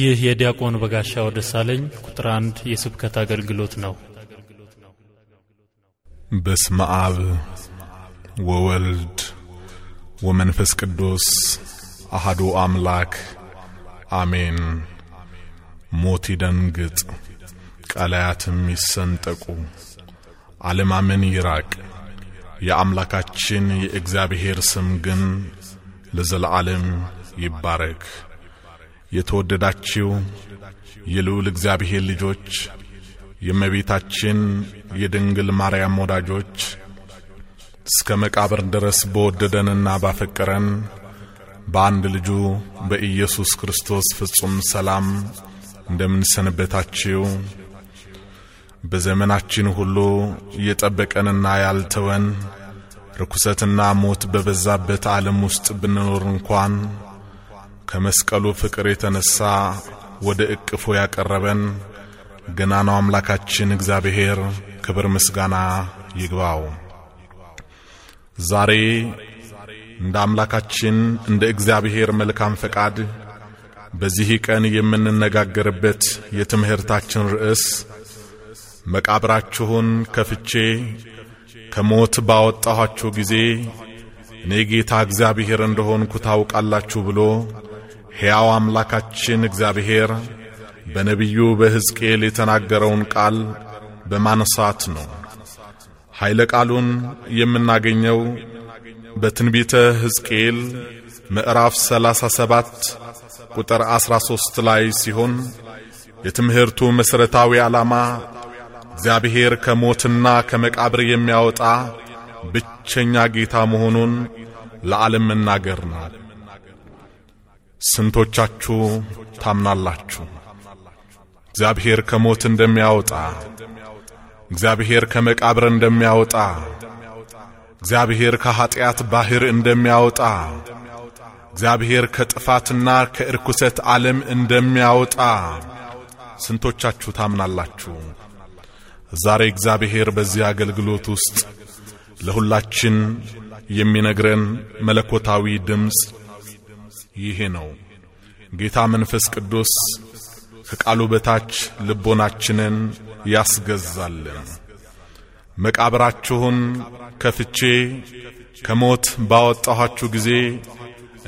ይህ የዲያቆን በጋሻው ደሳለኝ ቁጥር አንድ የስብከት አገልግሎት ነው። በስመ አብ ወወልድ ወመንፈስ ቅዱስ አህዱ አምላክ አሜን። ሞት ይደንግጥ፣ ቀላያትም ይሰንጠቁ፣ አለማመን ይራቅ። የአምላካችን የእግዚአብሔር ስም ግን ለዘለዓለም ይባረክ። የተወደዳችው የልዑል እግዚአብሔር ልጆች የእመቤታችን የድንግል ማርያም ወዳጆች እስከ መቃብር ድረስ በወደደንና ባፈቀረን በአንድ ልጁ በኢየሱስ ክርስቶስ ፍጹም ሰላም እንደምንሰንበታችው በዘመናችን ሁሉ የጠበቀንና ያልተወን ርኩሰትና ሞት በበዛበት ዓለም ውስጥ ብንኖር እንኳን ከመስቀሉ ፍቅር የተነሳ ወደ እቅፉ ያቀረበን ገናናው አምላካችን እግዚአብሔር ክብር ምስጋና ይግባው። ዛሬ እንደ አምላካችን እንደ እግዚአብሔር መልካም ፈቃድ በዚህ ቀን የምንነጋገርበት የትምህርታችን ርዕስ መቃብራችሁን ከፍቼ ከሞት ባወጣኋችሁ ጊዜ እኔ ጌታ እግዚአብሔር እንደሆንኩ ታውቃላችሁ ብሎ ሕያው አምላካችን እግዚአብሔር በነቢዩ በሕዝቅኤል የተናገረውን ቃል በማንሳት ነው። ኃይለ ቃሉን የምናገኘው በትንቢተ ሕዝቅኤል ምዕራፍ 37 ቁጥር 13 ላይ ሲሆን የትምህርቱ መሠረታዊ ዓላማ እግዚአብሔር ከሞትና ከመቃብር የሚያወጣ ብቸኛ ጌታ መሆኑን ለዓለም መናገር ነው። ስንቶቻችሁ ታምናላችሁ? እግዚአብሔር ከሞት እንደሚያወጣ፣ እግዚአብሔር ከመቃብር እንደሚያወጣ፣ እግዚአብሔር ከኀጢአት ባሕር እንደሚያወጣ፣ እግዚአብሔር ከጥፋትና ከእርኩሰት ዓለም እንደሚያወጣ ስንቶቻችሁ ታምናላችሁ? ዛሬ እግዚአብሔር በዚህ አገልግሎት ውስጥ ለሁላችን የሚነግረን መለኮታዊ ድምፅ ይሄ ነው። ጌታ መንፈስ ቅዱስ ከቃሉ በታች ልቦናችንን ያስገዛልን። መቃብራችሁን ከፍቼ ከሞት ባወጣኋችሁ ጊዜ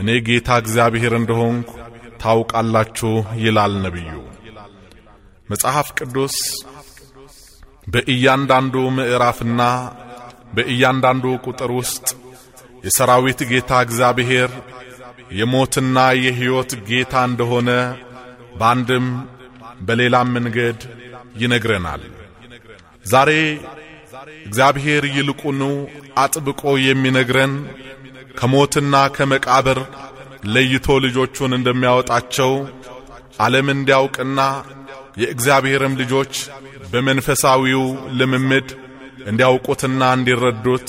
እኔ ጌታ እግዚአብሔር እንደሆንኩ ታውቃላችሁ ይላል ነቢዩ። መጽሐፍ ቅዱስ በእያንዳንዱ ምዕራፍና በእያንዳንዱ ቁጥር ውስጥ የሰራዊት ጌታ እግዚአብሔር የሞትና የሕይወት ጌታ እንደሆነ በአንድም በሌላም መንገድ ይነግረናል። ዛሬ እግዚአብሔር ይልቁኑ አጥብቆ የሚነግረን ከሞትና ከመቃብር ለይቶ ልጆቹን እንደሚያወጣቸው ዓለም እንዲያውቅና የእግዚአብሔርም ልጆች በመንፈሳዊው ልምምድ እንዲያውቁትና እንዲረዱት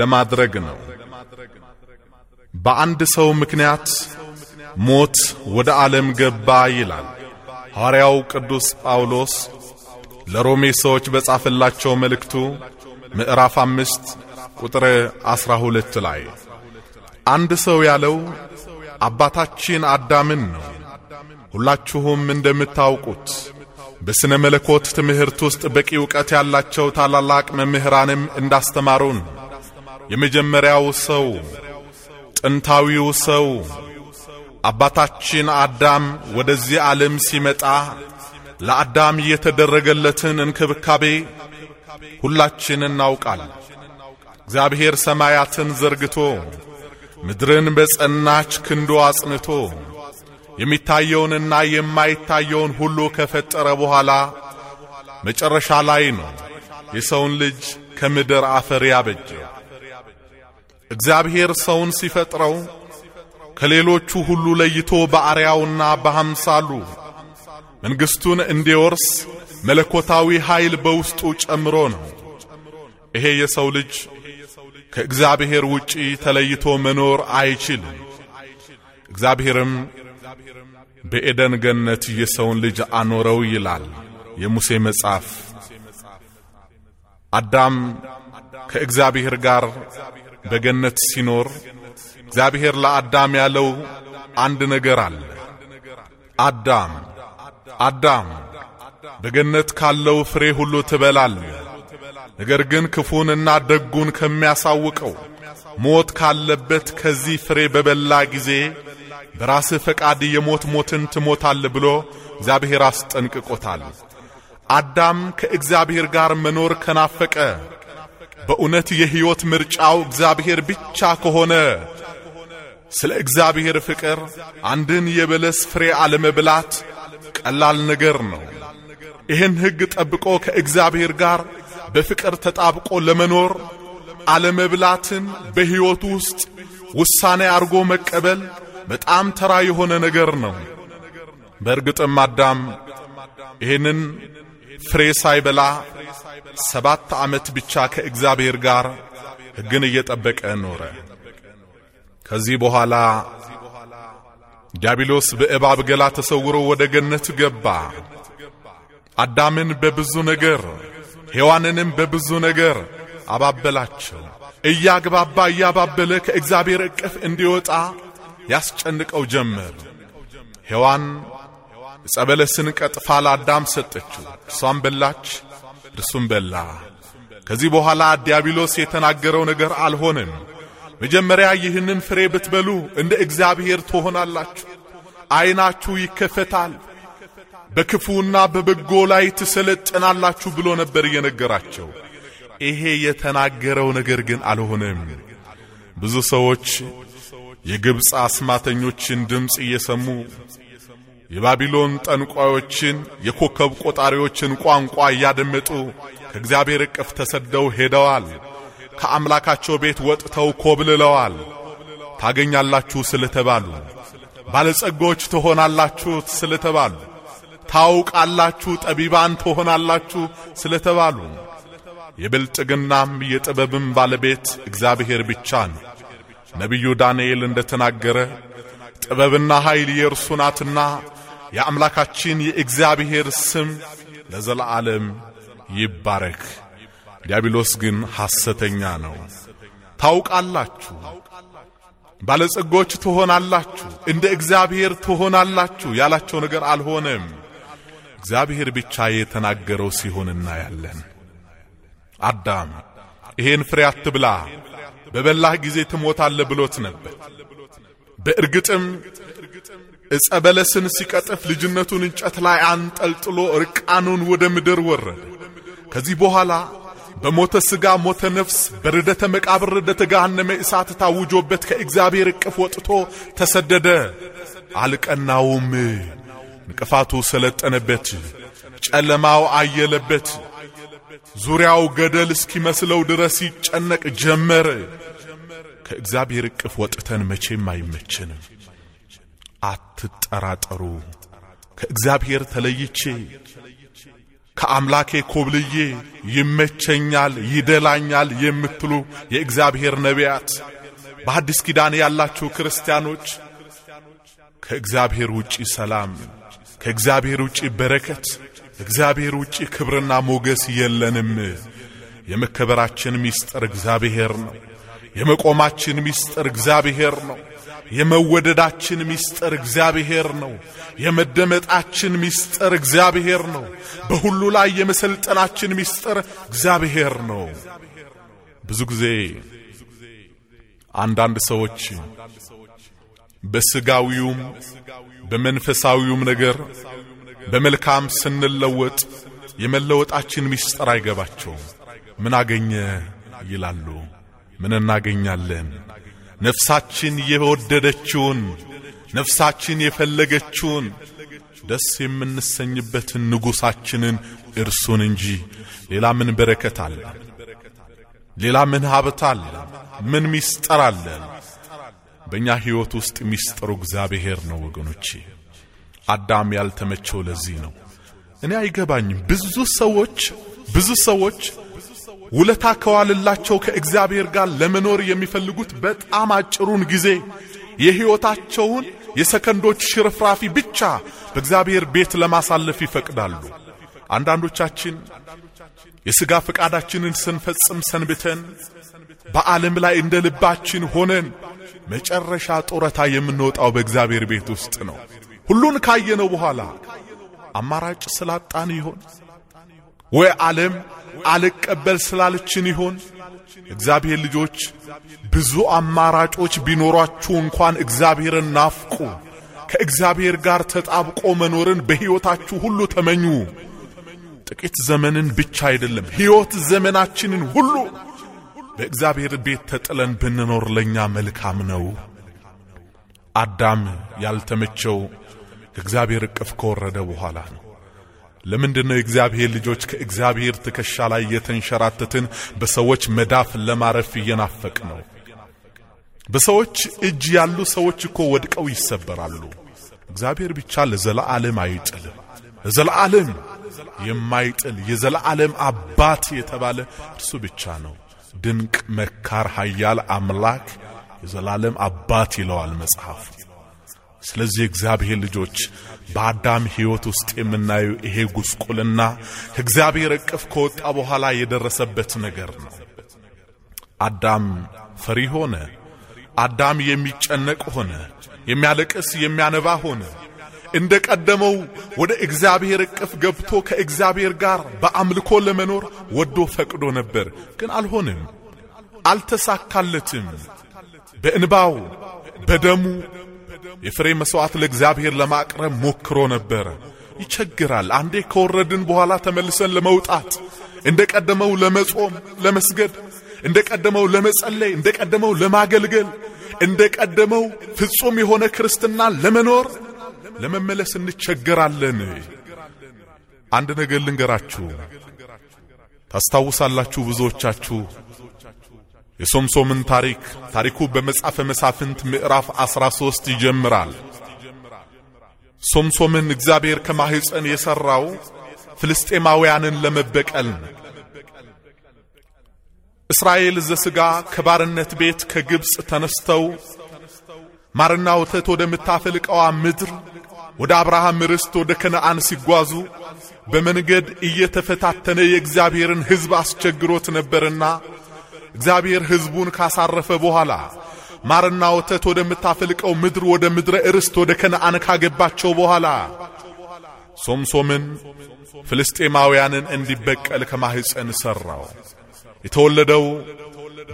ለማድረግ ነው። በአንድ ሰው ምክንያት ሞት ወደ ዓለም ገባ ይላል ሐዋርያው ቅዱስ ጳውሎስ ለሮሜ ሰዎች በጻፈላቸው መልእክቱ ምዕራፍ አምስት ቁጥር 12 ሁለት ላይ አንድ ሰው ያለው አባታችን አዳምን ነው። ሁላችሁም እንደምታውቁት በሥነ መለኮት ትምህርት ውስጥ በቂ ዕውቀት ያላቸው ታላላቅ መምህራንም እንዳስተማሩን የመጀመሪያው ሰው ጥንታዊው ሰው አባታችን አዳም ወደዚህ ዓለም ሲመጣ ለአዳም የተደረገለትን እንክብካቤ ሁላችን እናውቃለን። እግዚአብሔር ሰማያትን ዘርግቶ ምድርን በጸናች ክንዶ አጽንቶ የሚታየውንና የማይታየውን ሁሉ ከፈጠረ በኋላ መጨረሻ ላይ ነው የሰውን ልጅ ከምድር አፈር ያበጀው። እግዚአብሔር ሰውን ሲፈጥረው ከሌሎቹ ሁሉ ለይቶ በአርያውና በአምሳሉ መንግሥቱን እንዲወርስ መለኮታዊ ኃይል በውስጡ ጨምሮ ነው። ይሄ የሰው ልጅ ከእግዚአብሔር ውጪ ተለይቶ መኖር አይችልም። እግዚአብሔርም በኤደን ገነት የሰውን ልጅ አኖረው ይላል የሙሴ መጽሐፍ። አዳም ከእግዚአብሔር ጋር በገነት ሲኖር እግዚአብሔር ለአዳም ያለው አንድ ነገር አለ። አዳም አዳም በገነት ካለው ፍሬ ሁሉ ትበላል ነገር ግን ክፉንና ደጉን ከሚያሳውቀው ሞት ካለበት ከዚህ ፍሬ በበላ ጊዜ በራስህ ፈቃድ የሞት ሞትን ትሞታል ብሎ እግዚአብሔር አስጠንቅቆታል። አዳም ከእግዚአብሔር ጋር መኖር ከናፈቀ በእውነት የሕይወት ምርጫው እግዚአብሔር ብቻ ከሆነ ስለ እግዚአብሔር ፍቅር አንድን የበለስ ፍሬ አለመብላት ቀላል ነገር ነው። ይህን ሕግ ጠብቆ ከእግዚአብሔር ጋር በፍቅር ተጣብቆ ለመኖር አለመብላትን በሕይወቱ ውስጥ ውሳኔ አድርጎ መቀበል በጣም ተራ የሆነ ነገር ነው። በእርግጥም አዳም ይህንን ፍሬ ሳይበላ ሰባት ዓመት ብቻ ከእግዚአብሔር ጋር ሕግን እየጠበቀ ኖረ። ከዚህ በኋላ ዲያብሎስ በእባብ ገላ ተሰውሮ ወደ ገነት ገባ። አዳምን በብዙ ነገር ሔዋንንም በብዙ ነገር አባበላቸው። እያግባባ እያባበለ ከእግዚአብሔር እቅፍ እንዲወጣ ያስጨንቀው ጀመር። ሔዋን ጸበለስን ቀጥፋ ለአዳም ሰጠችው፣ እሷም በላች። እርሱም በላ። ከዚህ በኋላ ዲያብሎስ የተናገረው ነገር አልሆነም። መጀመሪያ ይህንን ፍሬ ብትበሉ እንደ እግዚአብሔር ትሆናላችሁ፣ ዓይናችሁ ይከፈታል፣ በክፉና በበጎ ላይ ትሰለጥናላችሁ ብሎ ነበር እየነገራቸው። ይሄ የተናገረው ነገር ግን አልሆነም። ብዙ ሰዎች የግብፅ አስማተኞችን ድምፅ እየሰሙ የባቢሎን ጠንቋዮችን የኮከብ ቆጣሪዎችን ቋንቋ እያደመጡ ከእግዚአብሔር እቅፍ ተሰደው ሄደዋል። ከአምላካቸው ቤት ወጥተው ኮብልለዋል። ታገኛላችሁ ስለተባሉ፣ ባለጸጎች ትሆናላችሁ ስለተባሉ፣ ታውቃላችሁ፣ ጠቢባን ትሆናላችሁ ስለተባሉ የብልጥግናም የጥበብም ባለቤት እግዚአብሔር ብቻ ነው። ነቢዩ ዳንኤል እንደተናገረ ጥበብና ኃይል የእርሱ ናትና የአምላካችን የእግዚአብሔር ስም ለዘላለም ይባረክ። ዲያብሎስ ግን ሐሰተኛ ነው። ታውቃላችሁ፣ ባለጸጎች ትሆናላችሁ፣ እንደ እግዚአብሔር ትሆናላችሁ ያላቸው ነገር አልሆነም። እግዚአብሔር ብቻ የተናገረው ሲሆን እናያለን። አዳም ይሄን ፍሬ አትብላ፣ በበላህ ጊዜ ትሞታለህ ብሎት ነበር። በእርግጥም ዕጸ በለስን ሲቀጥፍ ልጅነቱን እንጨት ላይ አንጠልጥሎ ርቃኑን ወደ ምድር ወረደ። ከዚህ በኋላ በሞተ ሥጋ ሞተ ነፍስ በርደተ መቃብር ርደተ ገሃነመ እሳት ታውጆበት ከእግዚአብሔር እቅፍ ወጥቶ ተሰደደ። አልቀናውም። ንቅፋቱ ሰለጠነበት። ጨለማው አየለበት። ዙሪያው ገደል እስኪመስለው ድረስ ይጨነቅ ጀመር። ከእግዚአብሔር እቅፍ ወጥተን መቼም አይመችንም። አትጠራጠሩ። ከእግዚአብሔር ተለይቼ ከአምላኬ ኮብልዬ ይመቸኛል፣ ይደላኛል የምትሉ የእግዚአብሔር ነቢያት፣ በአዲስ ኪዳን ያላችሁ ክርስቲያኖች ከእግዚአብሔር ውጪ ሰላም፣ ከእግዚአብሔር ውጪ በረከት፣ ከእግዚአብሔር ውጪ ክብርና ሞገስ የለንም። የመከበራችን ምስጢር እግዚአብሔር ነው። የመቆማችን ምስጢር እግዚአብሔር ነው። የመወደዳችን ምስጢር እግዚአብሔር ነው። የመደመጣችን ምስጢር እግዚአብሔር ነው። በሁሉ ላይ የመሰልጠናችን ምስጢር እግዚአብሔር ነው። ብዙ ጊዜ አንዳንድ ሰዎች በስጋዊውም በመንፈሳዊውም ነገር በመልካም ስንለወጥ የመለወጣችን ምስጢር አይገባቸውም። ምን አገኘ ይላሉ። ምን እናገኛለን? ነፍሳችን የወደደችውን ነፍሳችን የፈለገችውን ደስ የምንሰኝበትን ንጉሳችንን እርሱን እንጂ ሌላ ምን በረከት አለ? ሌላ ምን ሀብት አለ? ምን ሚስጥር አለ? በእኛ ሕይወት ውስጥ ሚስጥሩ እግዚአብሔር ነው ወገኖቼ። አዳም ያልተመቸው ለዚህ ነው። እኔ አይገባኝም። ብዙ ሰዎች ብዙ ሰዎች ውለታ ከዋልላቸው ከእግዚአብሔር ጋር ለመኖር የሚፈልጉት በጣም አጭሩን ጊዜ የሕይወታቸውን የሰከንዶች ሽርፍራፊ ብቻ በእግዚአብሔር ቤት ለማሳለፍ ይፈቅዳሉ። አንዳንዶቻችን የሥጋ ፈቃዳችንን ስንፈጽም ሰንብተን በዓለም ላይ እንደ ልባችን ሆነን መጨረሻ ጡረታ የምንወጣው በእግዚአብሔር ቤት ውስጥ ነው። ሁሉን ካየነው በኋላ አማራጭ ስላጣን ይሆን ወይ ዓለም አልቀበል ስላለችን ይሆን? እግዚአብሔር ልጆች ብዙ አማራጮች ቢኖሯችሁ እንኳን እግዚአብሔርን ናፍቁ። ከእግዚአብሔር ጋር ተጣብቆ መኖርን በሕይወታችሁ ሁሉ ተመኙ። ጥቂት ዘመንን ብቻ አይደለም፣ ሕይወት ዘመናችንን ሁሉ በእግዚአብሔር ቤት ተጥለን ብንኖር ለእኛ መልካም ነው። አዳም ያልተመቸው ከእግዚአብሔር እቅፍ ከወረደ በኋላ ነው። ለምንድን ነው የእግዚአብሔር ልጆች ከእግዚአብሔር ትከሻ ላይ የተንሸራተትን በሰዎች መዳፍ ለማረፍ እየናፈቅ ነው? በሰዎች እጅ ያሉ ሰዎች እኮ ወድቀው ይሰበራሉ። እግዚአብሔር ብቻ ለዘላለም አይጥልም። ለዘላለም የማይጥል የዘላለም አባት የተባለ እርሱ ብቻ ነው። ድንቅ መካር፣ ኃያል አምላክ የዘላለም አባት ይለዋል መጽሐፉ። ስለዚህ እግዚአብሔር ልጆች በአዳም ሕይወት ውስጥ የምናየው ይሄ ጉስቁልና ከእግዚአብሔር እቅፍ ከወጣ በኋላ የደረሰበት ነገር ነው። አዳም ፈሪ ሆነ። አዳም የሚጨነቅ ሆነ። የሚያለቅስ የሚያነባ ሆነ። እንደ ቀደመው ወደ እግዚአብሔር እቅፍ ገብቶ ከእግዚአብሔር ጋር በአምልኮ ለመኖር ወዶ ፈቅዶ ነበር። ግን አልሆንም፣ አልተሳካለትም። በእንባው በደሙ የፍሬ መሥዋዕት ለእግዚአብሔር ለማቅረብ ሞክሮ ነበረ። ይቸግራል። አንዴ ከወረድን በኋላ ተመልሰን ለመውጣት እንደ ቀደመው ለመጾም፣ ለመስገድ እንደ ቀደመው ለመጸለይ፣ እንደ ቀደመው ለማገልገል፣ እንደ ቀደመው ፍጹም የሆነ ክርስትናን ለመኖር ለመመለስ እንቸገራለን። አንድ ነገር ልንገራችሁ። ታስታውሳላችሁ ብዙዎቻችሁ የሶምሶምን ታሪክ ታሪኩ በመጽሐፈ መሳፍንት ምዕራፍ 13 ይጀምራል። ሶምሶምን እግዚአብሔር ከማህፀን የሰራው ፍልስጤማውያንን ለመበቀል እስራኤል ዘስጋ ከባርነት ቤት ከግብፅ ተነስተው ማርና ወተት ወደምታፈልቀዋ ምድር ወደ አብርሃም ርስት ወደ ከነአን ሲጓዙ በመንገድ እየተፈታተነ የእግዚአብሔርን ሕዝብ አስቸግሮት ነበርና እግዚአብሔር ሕዝቡን ካሳረፈ በኋላ ማርና ወተት ወደምታፈልቀው ምድር ወደ ምድረ እርስት ወደ ከነአን ካገባቸው በኋላ ሶምሶምን ፍልስጤማውያንን እንዲበቀል ከማህፀን ሠራው። የተወለደው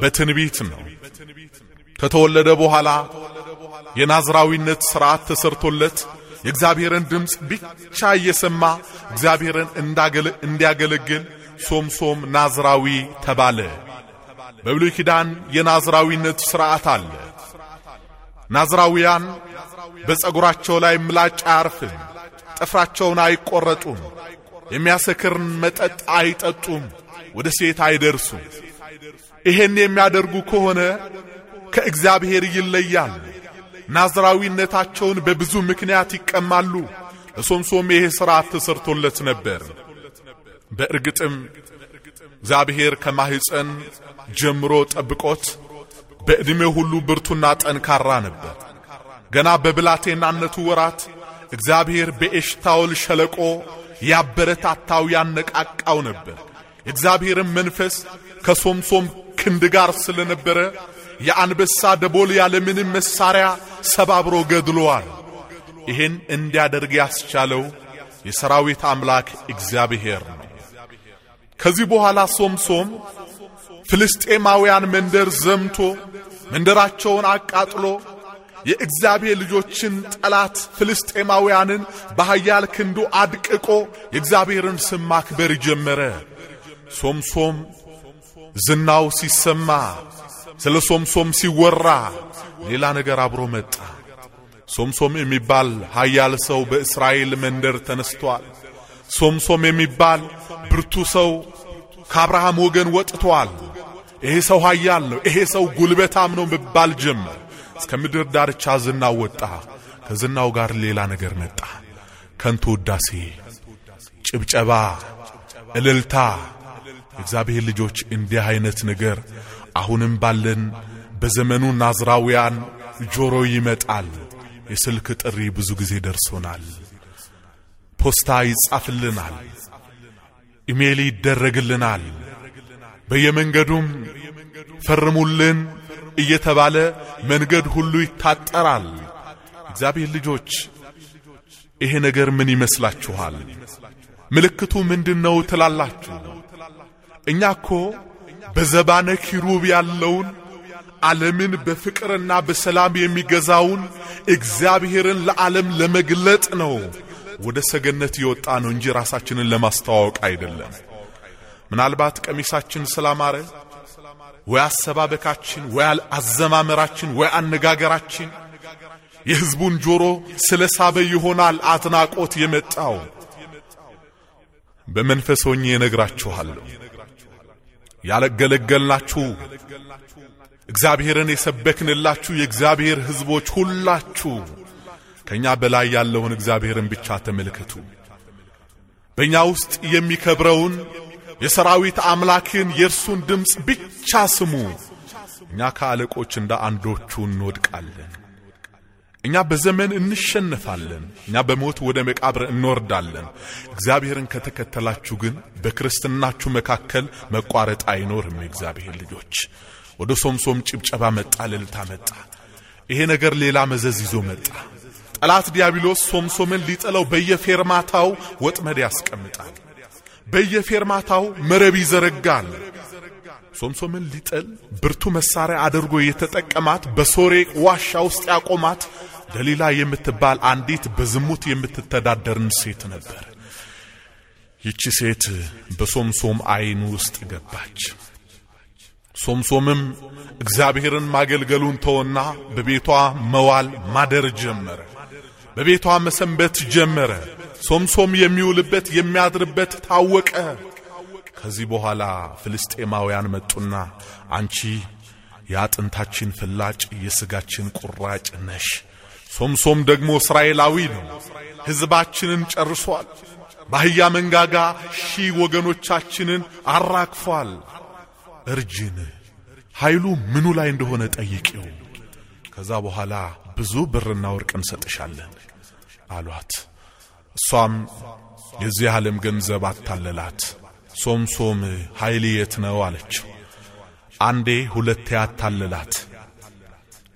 በትንቢት ነው። ከተወለደ በኋላ የናዝራዊነት ሥርዓት ተሰርቶለት የእግዚአብሔርን ድምፅ ብቻ እየሰማ እግዚአብሔርን እንዲያገለግል ሶምሶም ናዝራዊ ተባለ። በብሉይ ኪዳን የናዝራዊነት ሥርዓት አለ። ናዝራውያን በጸጉራቸው ላይ ምላጭ አያርፍም፣ ጥፍራቸውን አይቈረጡም፣ የሚያሰክርን መጠጥ አይጠጡም፣ ወደ ሴት አይደርሱም። ይሄን የሚያደርጉ ከሆነ ከእግዚአብሔር ይለያል ናዝራዊነታቸውን በብዙ ምክንያት ይቀማሉ። ለሶምሶም ይሄ ሥርዓት ተሰርቶለት ነበር። በእርግጥም እግዚአብሔር ከማህፀን ጀምሮ ጠብቆት በዕድሜው ሁሉ ብርቱና ጠንካራ ነበር። ገና በብላቴናነቱ ወራት እግዚአብሔር በኤሽታውል ሸለቆ ያበረታታው ያነቃቃው ነበር። የእግዚአብሔርን መንፈስ ከሶምሶም ክንድ ጋር ስለነበረ የአንበሳ ደቦል ያለምንም መሳሪያ ሰባብሮ ገድሏል። ይህን እንዲያደርግ ያስቻለው የሰራዊት አምላክ እግዚአብሔር ነው። ከዚህ በኋላ ሶምሶም ፍልስጤማውያን መንደር ዘምቶ መንደራቸውን አቃጥሎ የእግዚአብሔር ልጆችን ጠላት ፍልስጤማውያንን በኃያል ክንዱ አድቅቆ የእግዚአብሔርን ስም ማክበር ጀመረ። ሶምሶም ዝናው ሲሰማ ስለ ሶምሶም ሲወራ ሌላ ነገር አብሮ መጣ። ሶምሶም የሚባል ኃያል ሰው በእስራኤል መንደር ተነስቷል። ሶምሶም የሚባል ብርቱ ሰው ከአብርሃም ወገን ወጥቷል። ይሄ ሰው ኃያል ነው፣ ይሄ ሰው ጉልበታም ነው መባል ጀመር። እስከ ምድር ዳርቻ ዝናው ወጣ። ከዝናው ጋር ሌላ ነገር መጣ። ከንቱ ውዳሴ፣ ጭብጨባ፣ እልልታ። እግዚአብሔር ልጆች እንዲህ አይነት ነገር አሁንም ባለን በዘመኑ ናዝራውያን ጆሮ ይመጣል። የስልክ ጥሪ ብዙ ጊዜ ደርሶናል። ፖስታ ይጻፍልናል፣ ኢሜል ይደረግልናል፣ በየመንገዱም ፈርሙልን እየተባለ መንገድ ሁሉ ይታጠራል። እግዚአብሔር ልጆች ይሄ ነገር ምን ይመስላችኋል? ምልክቱ ምንድነው ትላላችሁ? እኛ እኮ በዘባነ ኪሩብ ያለውን ዓለምን በፍቅርና በሰላም የሚገዛውን እግዚአብሔርን ለዓለም ለመግለጥ ነው ወደ ሰገነት የወጣ ነው እንጂ ራሳችንን ለማስተዋወቅ አይደለም። ምናልባት ቀሚሳችን ስላማረ ወይ አሰባበካችን፣ ወይ አዘማመራችን፣ ወይ አነጋገራችን የህዝቡን ጆሮ ስለ ሳበ ይሆናል አትናቆት የመጣው። በመንፈስ ሆኜ እነግራችኋለሁ ያለገለገልናችሁ እግዚአብሔርን የሰበክንላችሁ የእግዚአብሔር ህዝቦች ሁላችሁ ከእኛ በላይ ያለውን እግዚአብሔርን ብቻ ተመልከቱ። በእኛ ውስጥ የሚከብረውን የሰራዊት አምላክን የእርሱን ድምፅ ብቻ ስሙ። እኛ ከአለቆች እንደ አንዶቹ እንወድቃለን። እኛ በዘመን እንሸነፋለን። እኛ በሞት ወደ መቃብር እንወርዳለን። እግዚአብሔርን ከተከተላችሁ ግን በክርስትናችሁ መካከል መቋረጥ አይኖርም። የእግዚአብሔር ልጆች ወደ ሶምሶም ጭብጨባ መጣ፣ ልልታ መጣ። ይሄ ነገር ሌላ መዘዝ ይዞ መጣ። ጠላት ዲያብሎስ ሶምሶምን ሊጥለው በየፌርማታው ወጥመድ ያስቀምጣል። በየፌርማታው መረብ ይዘረጋል። ሶምሶምን ሊጥል ብርቱ መሳሪያ አድርጎ የተጠቀማት በሶሬ ዋሻ ውስጥ ያቆማት ደሊላ የምትባል አንዲት በዝሙት የምትተዳደርን ሴት ነበር። ይቺ ሴት በሶምሶም ዓይን ውስጥ ገባች። ሶምሶምም እግዚአብሔርን ማገልገሉን ተወና በቤቷ መዋል ማደር ጀመረ። በቤቷ መሰንበት ጀመረ። ሶምሶም የሚውልበት የሚያድርበት ታወቀ። ከዚህ በኋላ ፍልስጤማውያን መጡና አንቺ የአጥንታችን ፍላጭ የሥጋችን ቁራጭ ነሽ፣ ሶምሶም ደግሞ እስራኤላዊ ነው፣ ሕዝባችንን ጨርሷል፣ በአህያ መንጋጋ ሺህ ወገኖቻችንን አራግፏል። እርጅን ኃይሉ ምኑ ላይ እንደሆነ ጠይቄው። ከዛ በኋላ ብዙ ብርና ወርቅ እንሰጥሻለን አሏት። እሷም የዚህ ዓለም ገንዘብ አታለላት። ሶምሶም ኃይል የት ነው አለች። አንዴ ሁለቴ አታለላት።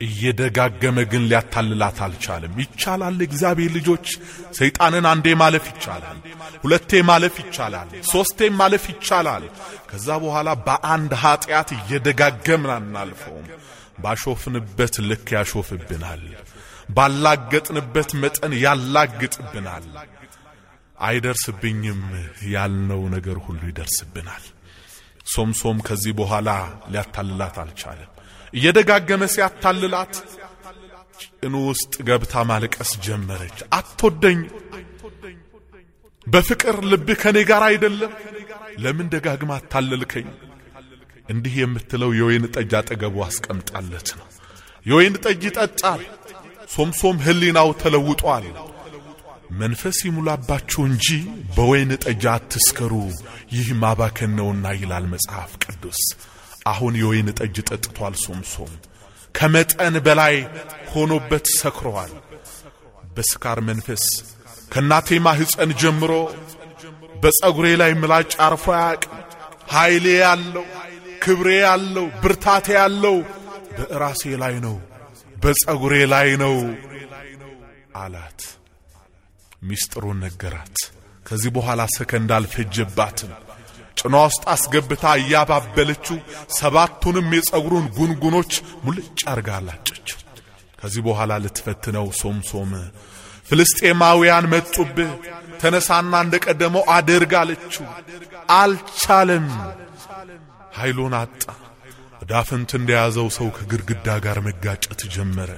እየደጋገመ ግን ሊያታልላት አልቻለም። ይቻላል፣ እግዚአብሔር ልጆች፣ ሰይጣንን አንዴ ማለፍ ይቻላል፣ ሁለቴ ማለፍ ይቻላል፣ ሦስቴም ማለፍ ይቻላል። ከዛ በኋላ በአንድ ኃጢአት እየደጋገምን አናልፈውም። ባሾፍንበት ልክ ያሾፍብናል። ባላገጥንበት መጠን ያላግጥብናል። አይደርስብኝም ያልነው ነገር ሁሉ ይደርስብናል። ሶምሶም ከዚህ በኋላ ሊያታልላት አልቻለም። እየደጋገመ ሲያታልላት ጭኑ ውስጥ ገብታ ማልቀስ ጀመረች። አትወደኝ በፍቅር ልብ ከኔ ጋር አይደለም፣ ለምን ደጋግማ አታለልከኝ? እንዲህ የምትለው የወይን ጠጅ አጠገቡ አስቀምጣለት ነው። የወይን ጠጅ ይጠጣል። ሶምሶም ህሊናው ተለውጧል። መንፈስ ይሙላባችሁ እንጂ በወይን ጠጅ አትስከሩ፣ ይህ ማባከን ነውና ይላል መጽሐፍ ቅዱስ። አሁን የወይን ጠጅ ጠጥቷል ሶምሶም። ከመጠን በላይ ሆኖበት ሰክሯል። በስካር መንፈስ ከእናቴ ማህፀን ጀምሮ በጸጉሬ ላይ ምላጭ አርፎ አያውቅም። ኃይሌ ያለው ክብሬ ያለው ብርታቴ ያለው በራሴ ላይ ነው በጸጉሬ ላይ ነው አላት። ሚስጥሩን ነገራት። ከዚህ በኋላ ሰከንድ አልፈጀባትም። ጭኗ ውስጥ አስገብታ እያባበለችው ሰባቱንም የፀጉሩን ጉንጉኖች ሙልጭ አርጋ አላጨች። ከዚህ በኋላ ልትፈትነው ሶምሶም ፍልስጤማውያን መጡብህ፣ ተነሳና እንደ ቀደመው አድርግ አለችው። አልቻለም። ኃይሉን አጣ። ዳፍንት እንደያዘው ሰው ከግድግዳ ጋር መጋጨት ጀመረ።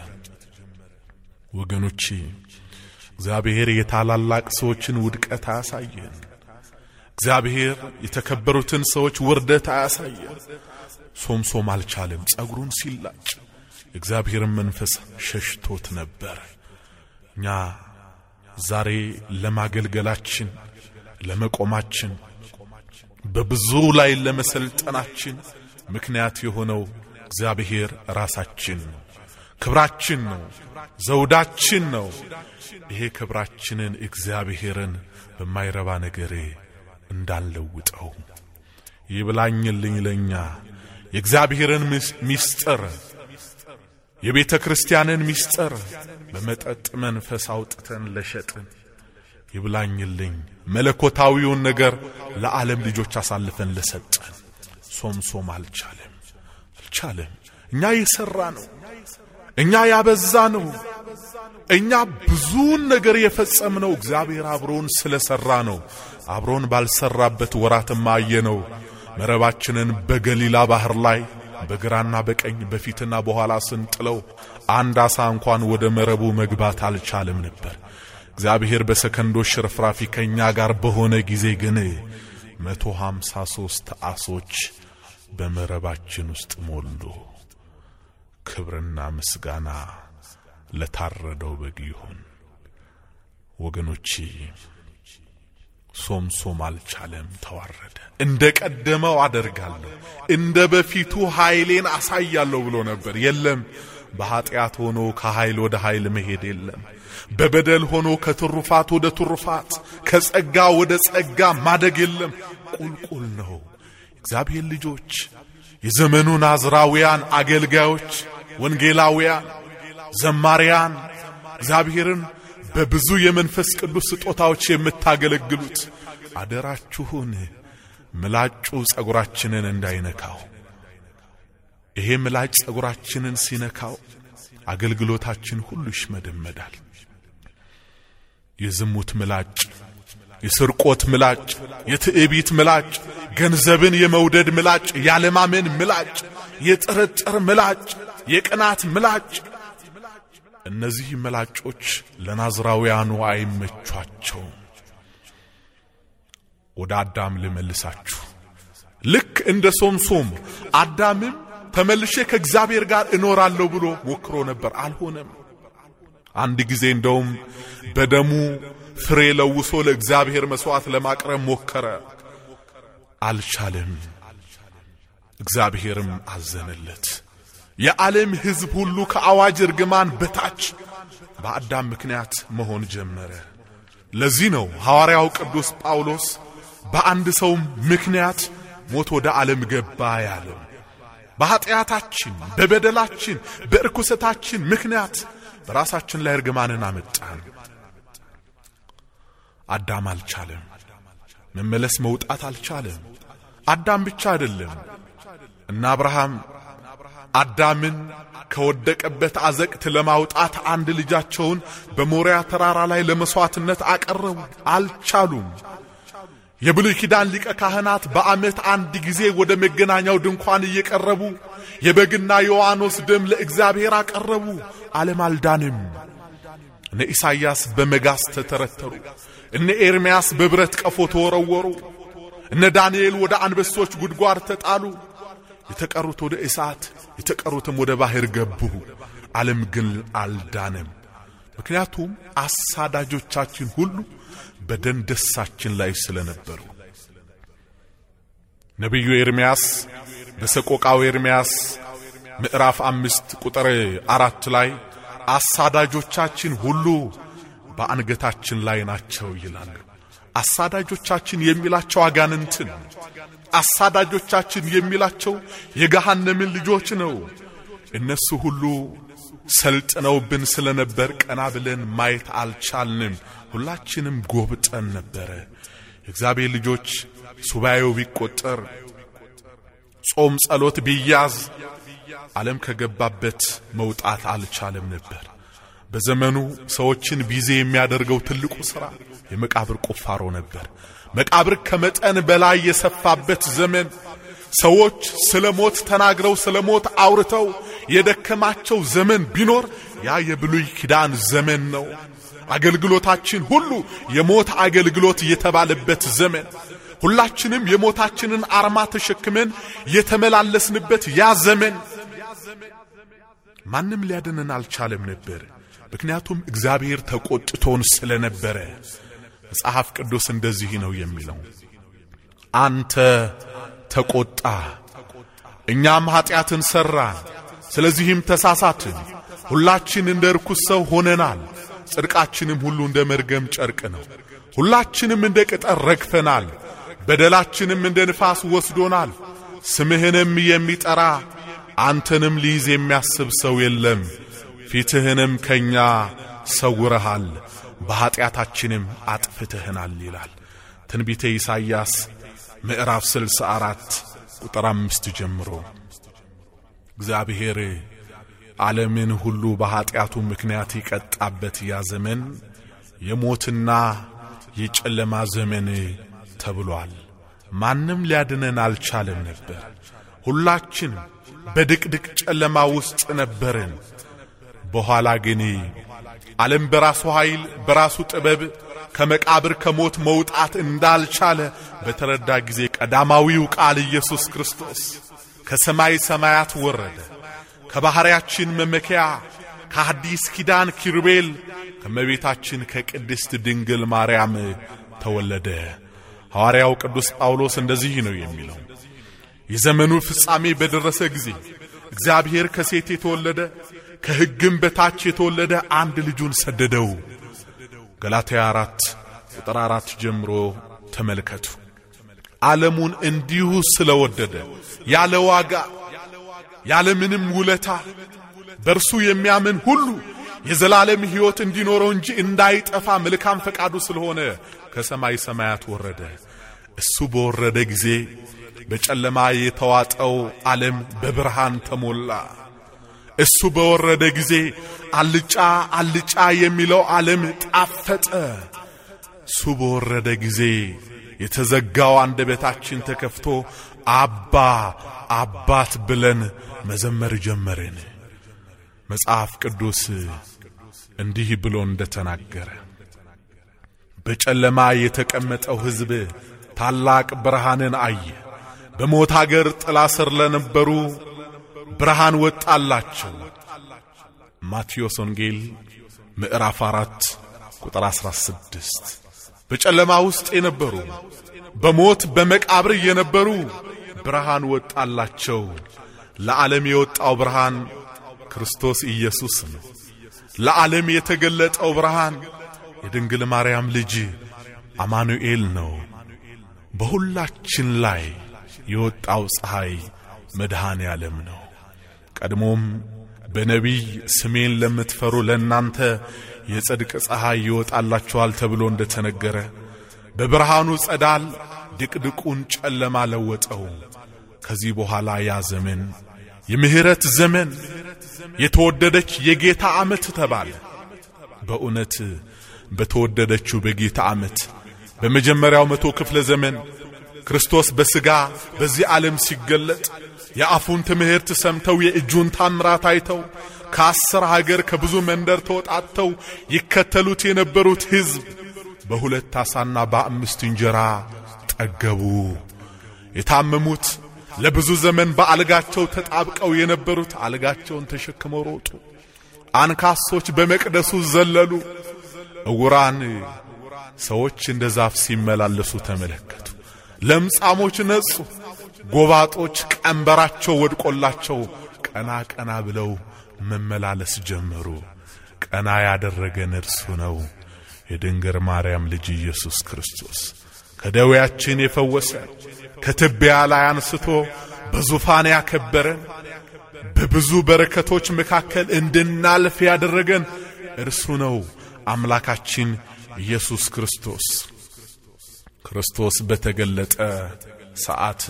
ወገኖቼ እግዚአብሔር የታላላቅ ሰዎችን ውድቀት አያሳየን። እግዚአብሔር የተከበሩትን ሰዎች ውርደት አያሳየን። ሶምሶም አልቻለም። ጸጉሩን ሲላጭ እግዚአብሔርን መንፈስ ሸሽቶት ነበር። እኛ ዛሬ ለማገልገላችን፣ ለመቆማችን፣ በብዙ ላይ ለመሰልጠናችን ምክንያት የሆነው እግዚአብሔር ራሳችን ነው። ክብራችን ነው። ዘውዳችን ነው። ይሄ ክብራችንን እግዚአብሔርን በማይረባ ነገሬ እንዳንለውጠው ይብላኝልኝ ለኛ የእግዚአብሔርን ሚስጥር የቤተ ክርስቲያንን ሚስጥር በመጠጥ መንፈስ አውጥተን ለሸጥን ይብላኝልኝ መለኮታዊውን ነገር ለዓለም ልጆች አሳልፈን ለሰጠን ሶምሶም አልቻለም አልቻለም። እኛ የሰራ ነው፣ እኛ ያበዛ ነው፣ እኛ ብዙውን ነገር ነው። እግዚአብሔር አብሮን ስለሰራ ነው። አብሮን ባልሰራበት ወራትማ አየነው። መረባችንን በገሊላ ባህር ላይ በግራና በቀኝ በፊትና በኋላ ስንጥለው አንድ አሳ እንኳን ወደ መረቡ መግባት አልቻለም ነበር። እግዚአብሔር በሰከንዶች ሽርፍራፊ ከእኛ ጋር በሆነ ጊዜ ግን መቶ ሀምሳ ሶስት አሶች በመረባችን ውስጥ ሞሉ። ክብርና ምስጋና ለታረደው በግ ይሁን። ወገኖቼ ሶምሶም አልቻለም፣ ተዋረደ። እንደ ቀደመው አደርጋለሁ፣ እንደ በፊቱ ኃይሌን አሳያለሁ ብሎ ነበር። የለም በኀጢአት ሆኖ ከኃይል ወደ ኃይል መሄድ የለም። በበደል ሆኖ ከትሩፋት ወደ ትሩፋት ከጸጋ ወደ ጸጋ ማደግ የለም፣ ቁልቁል ነው። እግዚአብሔር ልጆች፣ የዘመኑ ናዝራውያን አገልጋዮች፣ ወንጌላውያን፣ ዘማሪያን እግዚአብሔርን በብዙ የመንፈስ ቅዱስ ስጦታዎች የምታገለግሉት አደራችሁን ምላጩ ጸጉራችንን እንዳይነካው። ይሄ ምላጭ ጸጉራችንን ሲነካው አገልግሎታችን ሁሉ ይሽመደመዳል። የዝሙት ምላጭ፣ የስርቆት ምላጭ፣ የትዕቢት ምላጭ፣ ገንዘብን የመውደድ ምላጭ፣ ያለማመን ምላጭ፣ የጥርጥር ምላጭ፣ የቅናት ምላጭ። እነዚህ ምላጮች ለናዝራውያኑ አይመቿቸው። ወደ አዳም ልመልሳችሁ። ልክ እንደ ሶምሶም አዳምም ተመልሼ ከእግዚአብሔር ጋር እኖራለሁ ብሎ ሞክሮ ነበር፣ አልሆነም። አንድ ጊዜ እንደውም በደሙ ፍሬ ለውሶ ለእግዚአብሔር መሥዋዕት ለማቅረብ ሞከረ፣ አልቻለም። እግዚአብሔርም አዘነለት። የዓለም ሕዝብ ሁሉ ከአዋጅ እርግማን በታች በአዳም ምክንያት መሆን ጀመረ። ለዚህ ነው ሐዋርያው ቅዱስ ጳውሎስ በአንድ ሰው ምክንያት ሞት ወደ ዓለም ገባ ያለው። በኀጢአታችን፣ በበደላችን፣ በርኩሰታችን ምክንያት በራሳችን ላይ እርግማንን አመጣን። አዳም አልቻለም። መመለስ መውጣት አልቻለም። አዳም ብቻ አይደለም እና አብርሃም አዳምን ከወደቀበት አዘቅት ለማውጣት አንድ ልጃቸውን በሞሪያ ተራራ ላይ ለመሥዋዕትነት አቀረቡ። አልቻሉም። የብሉይ ኪዳን ሊቀ ካህናት በዓመት አንድ ጊዜ ወደ መገናኛው ድንኳን እየቀረቡ የበግና የዋኖስ ደም ለእግዚአብሔር አቀረቡ። ዓለም አልዳንም። እነ ኢሳይያስ በመጋዝ ተተረተሩ። እነ ኤርምያስ በብረት ቀፎ ተወረወሩ። እነ ዳንኤል ወደ አንበሶች ጉድጓድ ተጣሉ። የተቀሩት ወደ እሳት፣ የተቀሩትም ወደ ባሕር ገቡ። ዓለም ግን አልዳንም። ምክንያቱም አሳዳጆቻችን ሁሉ በደንደሳችን ላይ ስለነበሩ ነቢዩ ኤርምያስ በሰቆቃው ኤርምያስ ምዕራፍ አምስት ቁጥር አራት ላይ አሳዳጆቻችን ሁሉ በአንገታችን ላይ ናቸው ይላሉ። አሳዳጆቻችን የሚላቸው ነው። አሳዳጆቻችን የሚላቸው የገሃነምን ልጆች ነው። እነሱ ሁሉ ሰልጥነውብን ስለነበር ቀና ብለን ማየት አልቻልንም። ሁላችንም ጎብጠን ነበረ። የእግዚአብሔር ልጆች ሱባኤው ቢቆጠር ጾም ጸሎት ቢያዝ ዓለም ከገባበት መውጣት አልቻለም ነበር። በዘመኑ ሰዎችን ቢዜ የሚያደርገው ትልቁ ሥራ የመቃብር ቁፋሮ ነበር። መቃብር ከመጠን በላይ የሰፋበት ዘመን ሰዎች ስለ ሞት ተናግረው ስለ ሞት አውርተው የደከማቸው ዘመን ቢኖር ያ የብሉይ ኪዳን ዘመን ነው። አገልግሎታችን ሁሉ የሞት አገልግሎት የተባለበት ዘመን ሁላችንም የሞታችንን አርማ ተሸክመን የተመላለስንበት ያ ዘመን ማንም ሊያድነን አልቻለም ነበር። ምክንያቱም እግዚአብሔር ተቆጥቶን ስለነበረ መጽሐፍ ቅዱስ እንደዚህ ነው የሚለው አንተ ተቆጣ፣ እኛም ኀጢአትን ሠራን፣ ስለዚህም ተሳሳትን። ሁላችን እንደ ርኩስ ሰው ሆነናል፣ ጽድቃችንም ሁሉ እንደ መርገም ጨርቅ ነው። ሁላችንም እንደ ቅጠር ረግፈናል፣ በደላችንም እንደ ንፋስ ወስዶናል። ስምህንም የሚጠራ አንተንም ሊይዝ የሚያስብ ሰው የለም። ፊትህንም ከእኛ ሰውረሃል፣ በኀጢአታችንም አጥፍትህናል ይላል ትንቢተ ኢሳይያስ ምዕራፍ 64 ቁጥር አምስት ጀምሮ እግዚአብሔር ዓለምን ሁሉ በኀጢአቱ ምክንያት ይቀጣበት ያ ዘመን የሞትና የጨለማ ዘመን ተብሏል። ማንም ሊያድነን አልቻለም ነበር። ሁላችን በድቅድቅ ጨለማ ውስጥ ነበርን። በኋላ ግን ዓለም በራሱ ኃይል በራሱ ጥበብ ከመቃብር ከሞት መውጣት እንዳልቻለ በተረዳ ጊዜ ቀዳማዊው ቃል ኢየሱስ ክርስቶስ ከሰማይ ሰማያት ወረደ። ከባሕርያችን መመኪያ ከአዲስ ኪዳን ኪሩቤል ከመቤታችን ከቅድስት ድንግል ማርያም ተወለደ። ሐዋርያው ቅዱስ ጳውሎስ እንደዚህ ነው የሚለው፣ የዘመኑ ፍጻሜ በደረሰ ጊዜ እግዚአብሔር ከሴት የተወለደ ከሕግም በታች የተወለደ አንድ ልጁን ሰደደው። ገላትያ አራት ቁጥር አራት ጀምሮ ተመልከቱ። ዓለሙን እንዲሁ ስለወደደ ያለ ዋጋ ያለ ምንም ውለታ በእርሱ የሚያምን ሁሉ የዘላለም ሕይወት እንዲኖረው እንጂ እንዳይጠፋ መልካም ፈቃዱ ስለሆነ ከሰማይ ሰማያት ወረደ። እሱ በወረደ ጊዜ በጨለማ የተዋጠው ዓለም በብርሃን ተሞላ። እሱ በወረደ ጊዜ አልጫ አልጫ የሚለው ዓለም ጣፈጠ። እሱ በወረደ ጊዜ የተዘጋው አንደበታችን ተከፍቶ አባ አባት ብለን መዘመር ጀመርን። መጽሐፍ ቅዱስ እንዲህ ብሎ እንደ ተናገረ በጨለማ የተቀመጠው ሕዝብ ታላቅ ብርሃንን አየ። በሞት አገር ጥላ ስር ለነበሩ ብርሃን ወጣላቸው። ማቴዎስ ወንጌል ምዕራፍ አራት ቁጥር አሥራ ስድስት በጨለማ ውስጥ የነበሩ በሞት በመቃብር የነበሩ ብርሃን ወጣላቸው። ለዓለም የወጣው ብርሃን ክርስቶስ ኢየሱስ ነው። ለዓለም የተገለጠው ብርሃን የድንግል ማርያም ልጅ አማኑኤል ነው። በሁላችን ላይ የወጣው ፀሐይ መድኃኔ ዓለም ነው። ቀድሞም በነቢይ ስሜን ለምትፈሩ ለእናንተ የጽድቅ ፀሐይ ይወጣላችኋል ተብሎ እንደ ተነገረ በብርሃኑ ጸዳል ድቅድቁን ጨለማ ለወጠው። ከዚህ በኋላ ያ ዘመን የምሕረት ዘመን፣ የተወደደች የጌታ ዓመት ተባለ። በእውነት በተወደደችው በጌታ ዓመት በመጀመሪያው መቶ ክፍለ ዘመን ክርስቶስ በሥጋ በዚህ ዓለም ሲገለጥ የአፉን ትምህርት ሰምተው የእጁን ታምራት አይተው ከአስር ሀገር ከብዙ መንደር ተወጣጥተው ይከተሉት የነበሩት ሕዝብ በሁለት ዓሣና በአምስት እንጀራ ጠገቡ። የታመሙት ለብዙ ዘመን በአልጋቸው ተጣብቀው የነበሩት አልጋቸውን ተሸክመው ሮጡ። አንካሶች በመቅደሱ ዘለሉ። እውራን ሰዎች እንደ ዛፍ ሲመላለሱ ተመለከቱ። ለምጻሞች ነጹ። ጎባጦች ቀንበራቸው ወድቆላቸው ቀና ቀና ብለው መመላለስ ጀመሩ። ቀና ያደረገን እርሱ ነው፣ የድንገር ማርያም ልጅ ኢየሱስ ክርስቶስ ከደዌያችን የፈወሰን፣ ከትቢያ ላይ አንስቶ በዙፋን ያከበረን፣ በብዙ በረከቶች መካከል እንድናልፍ ያደረገን እርሱ ነው አምላካችን ኢየሱስ ክርስቶስ። ክርስቶስ በተገለጠ ሰዓት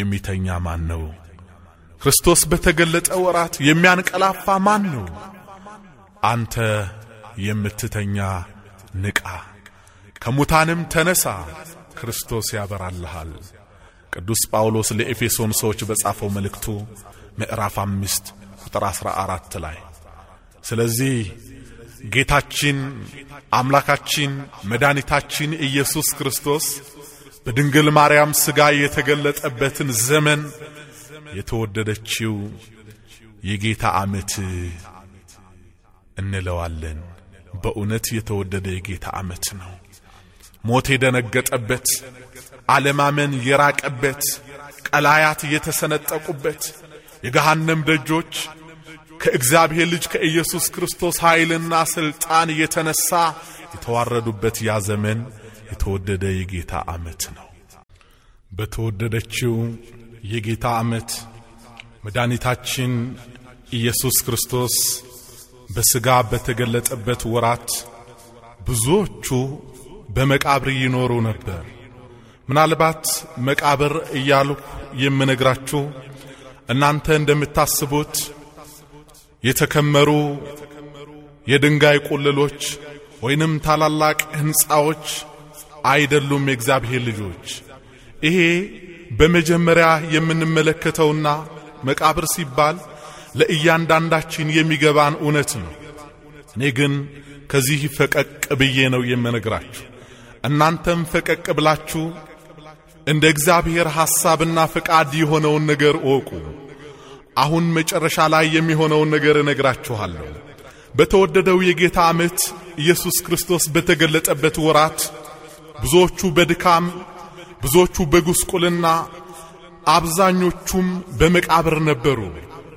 የሚተኛ ማን ነው? ክርስቶስ በተገለጠ ወራት የሚያንቀላፋ ማን ነው? አንተ የምትተኛ ንቃ፣ ከሙታንም ተነሳ፣ ክርስቶስ ያበራልሃል። ቅዱስ ጳውሎስ ለኤፌሶን ሰዎች በጻፈው መልእክቱ ምዕራፍ አምስት ቁጥር አሥራ አራት ላይ ስለዚህ ጌታችን አምላካችን መድኃኒታችን ኢየሱስ ክርስቶስ በድንግል ማርያም ሥጋ የተገለጠበትን ዘመን የተወደደችው የጌታ ዓመት እንለዋለን። በእውነት የተወደደ የጌታ ዓመት ነው። ሞት የደነገጠበት፣ አለማመን የራቀበት፣ ቀላያት የተሰነጠቁበት፣ የገሃነም ደጆች ከእግዚአብሔር ልጅ ከኢየሱስ ክርስቶስ ኃይልና ሥልጣን የተነሣ የተዋረዱበት ያ ዘመን የተወደደ የጌታ ዓመት ነው። በተወደደችው የጌታ ዓመት መድኃኒታችን ኢየሱስ ክርስቶስ በሥጋ በተገለጠበት ወራት ብዙዎቹ በመቃብር ይኖሩ ነበር። ምናልባት መቃብር እያልሁ የምነግራችሁ እናንተ እንደምታስቡት የተከመሩ የድንጋይ ቁልሎች ወይንም ታላላቅ ሕንፃዎች አይደሉም የእግዚአብሔር ልጆች። ይሄ በመጀመሪያ የምንመለከተውና መቃብር ሲባል ለእያንዳንዳችን የሚገባን እውነት ነው። እኔ ግን ከዚህ ፈቀቅ ብዬ ነው የምነግራችሁ። እናንተም ፈቀቅ ብላችሁ እንደ እግዚአብሔር ሐሳብና ፈቃድ የሆነውን ነገር እወቁ። አሁን መጨረሻ ላይ የሚሆነውን ነገር እነግራችኋለሁ። በተወደደው የጌታ ዓመት ኢየሱስ ክርስቶስ በተገለጠበት ወራት ብዙዎቹ በድካም ብዙዎቹ በጉስቁልና አብዛኞቹም በመቃብር ነበሩ።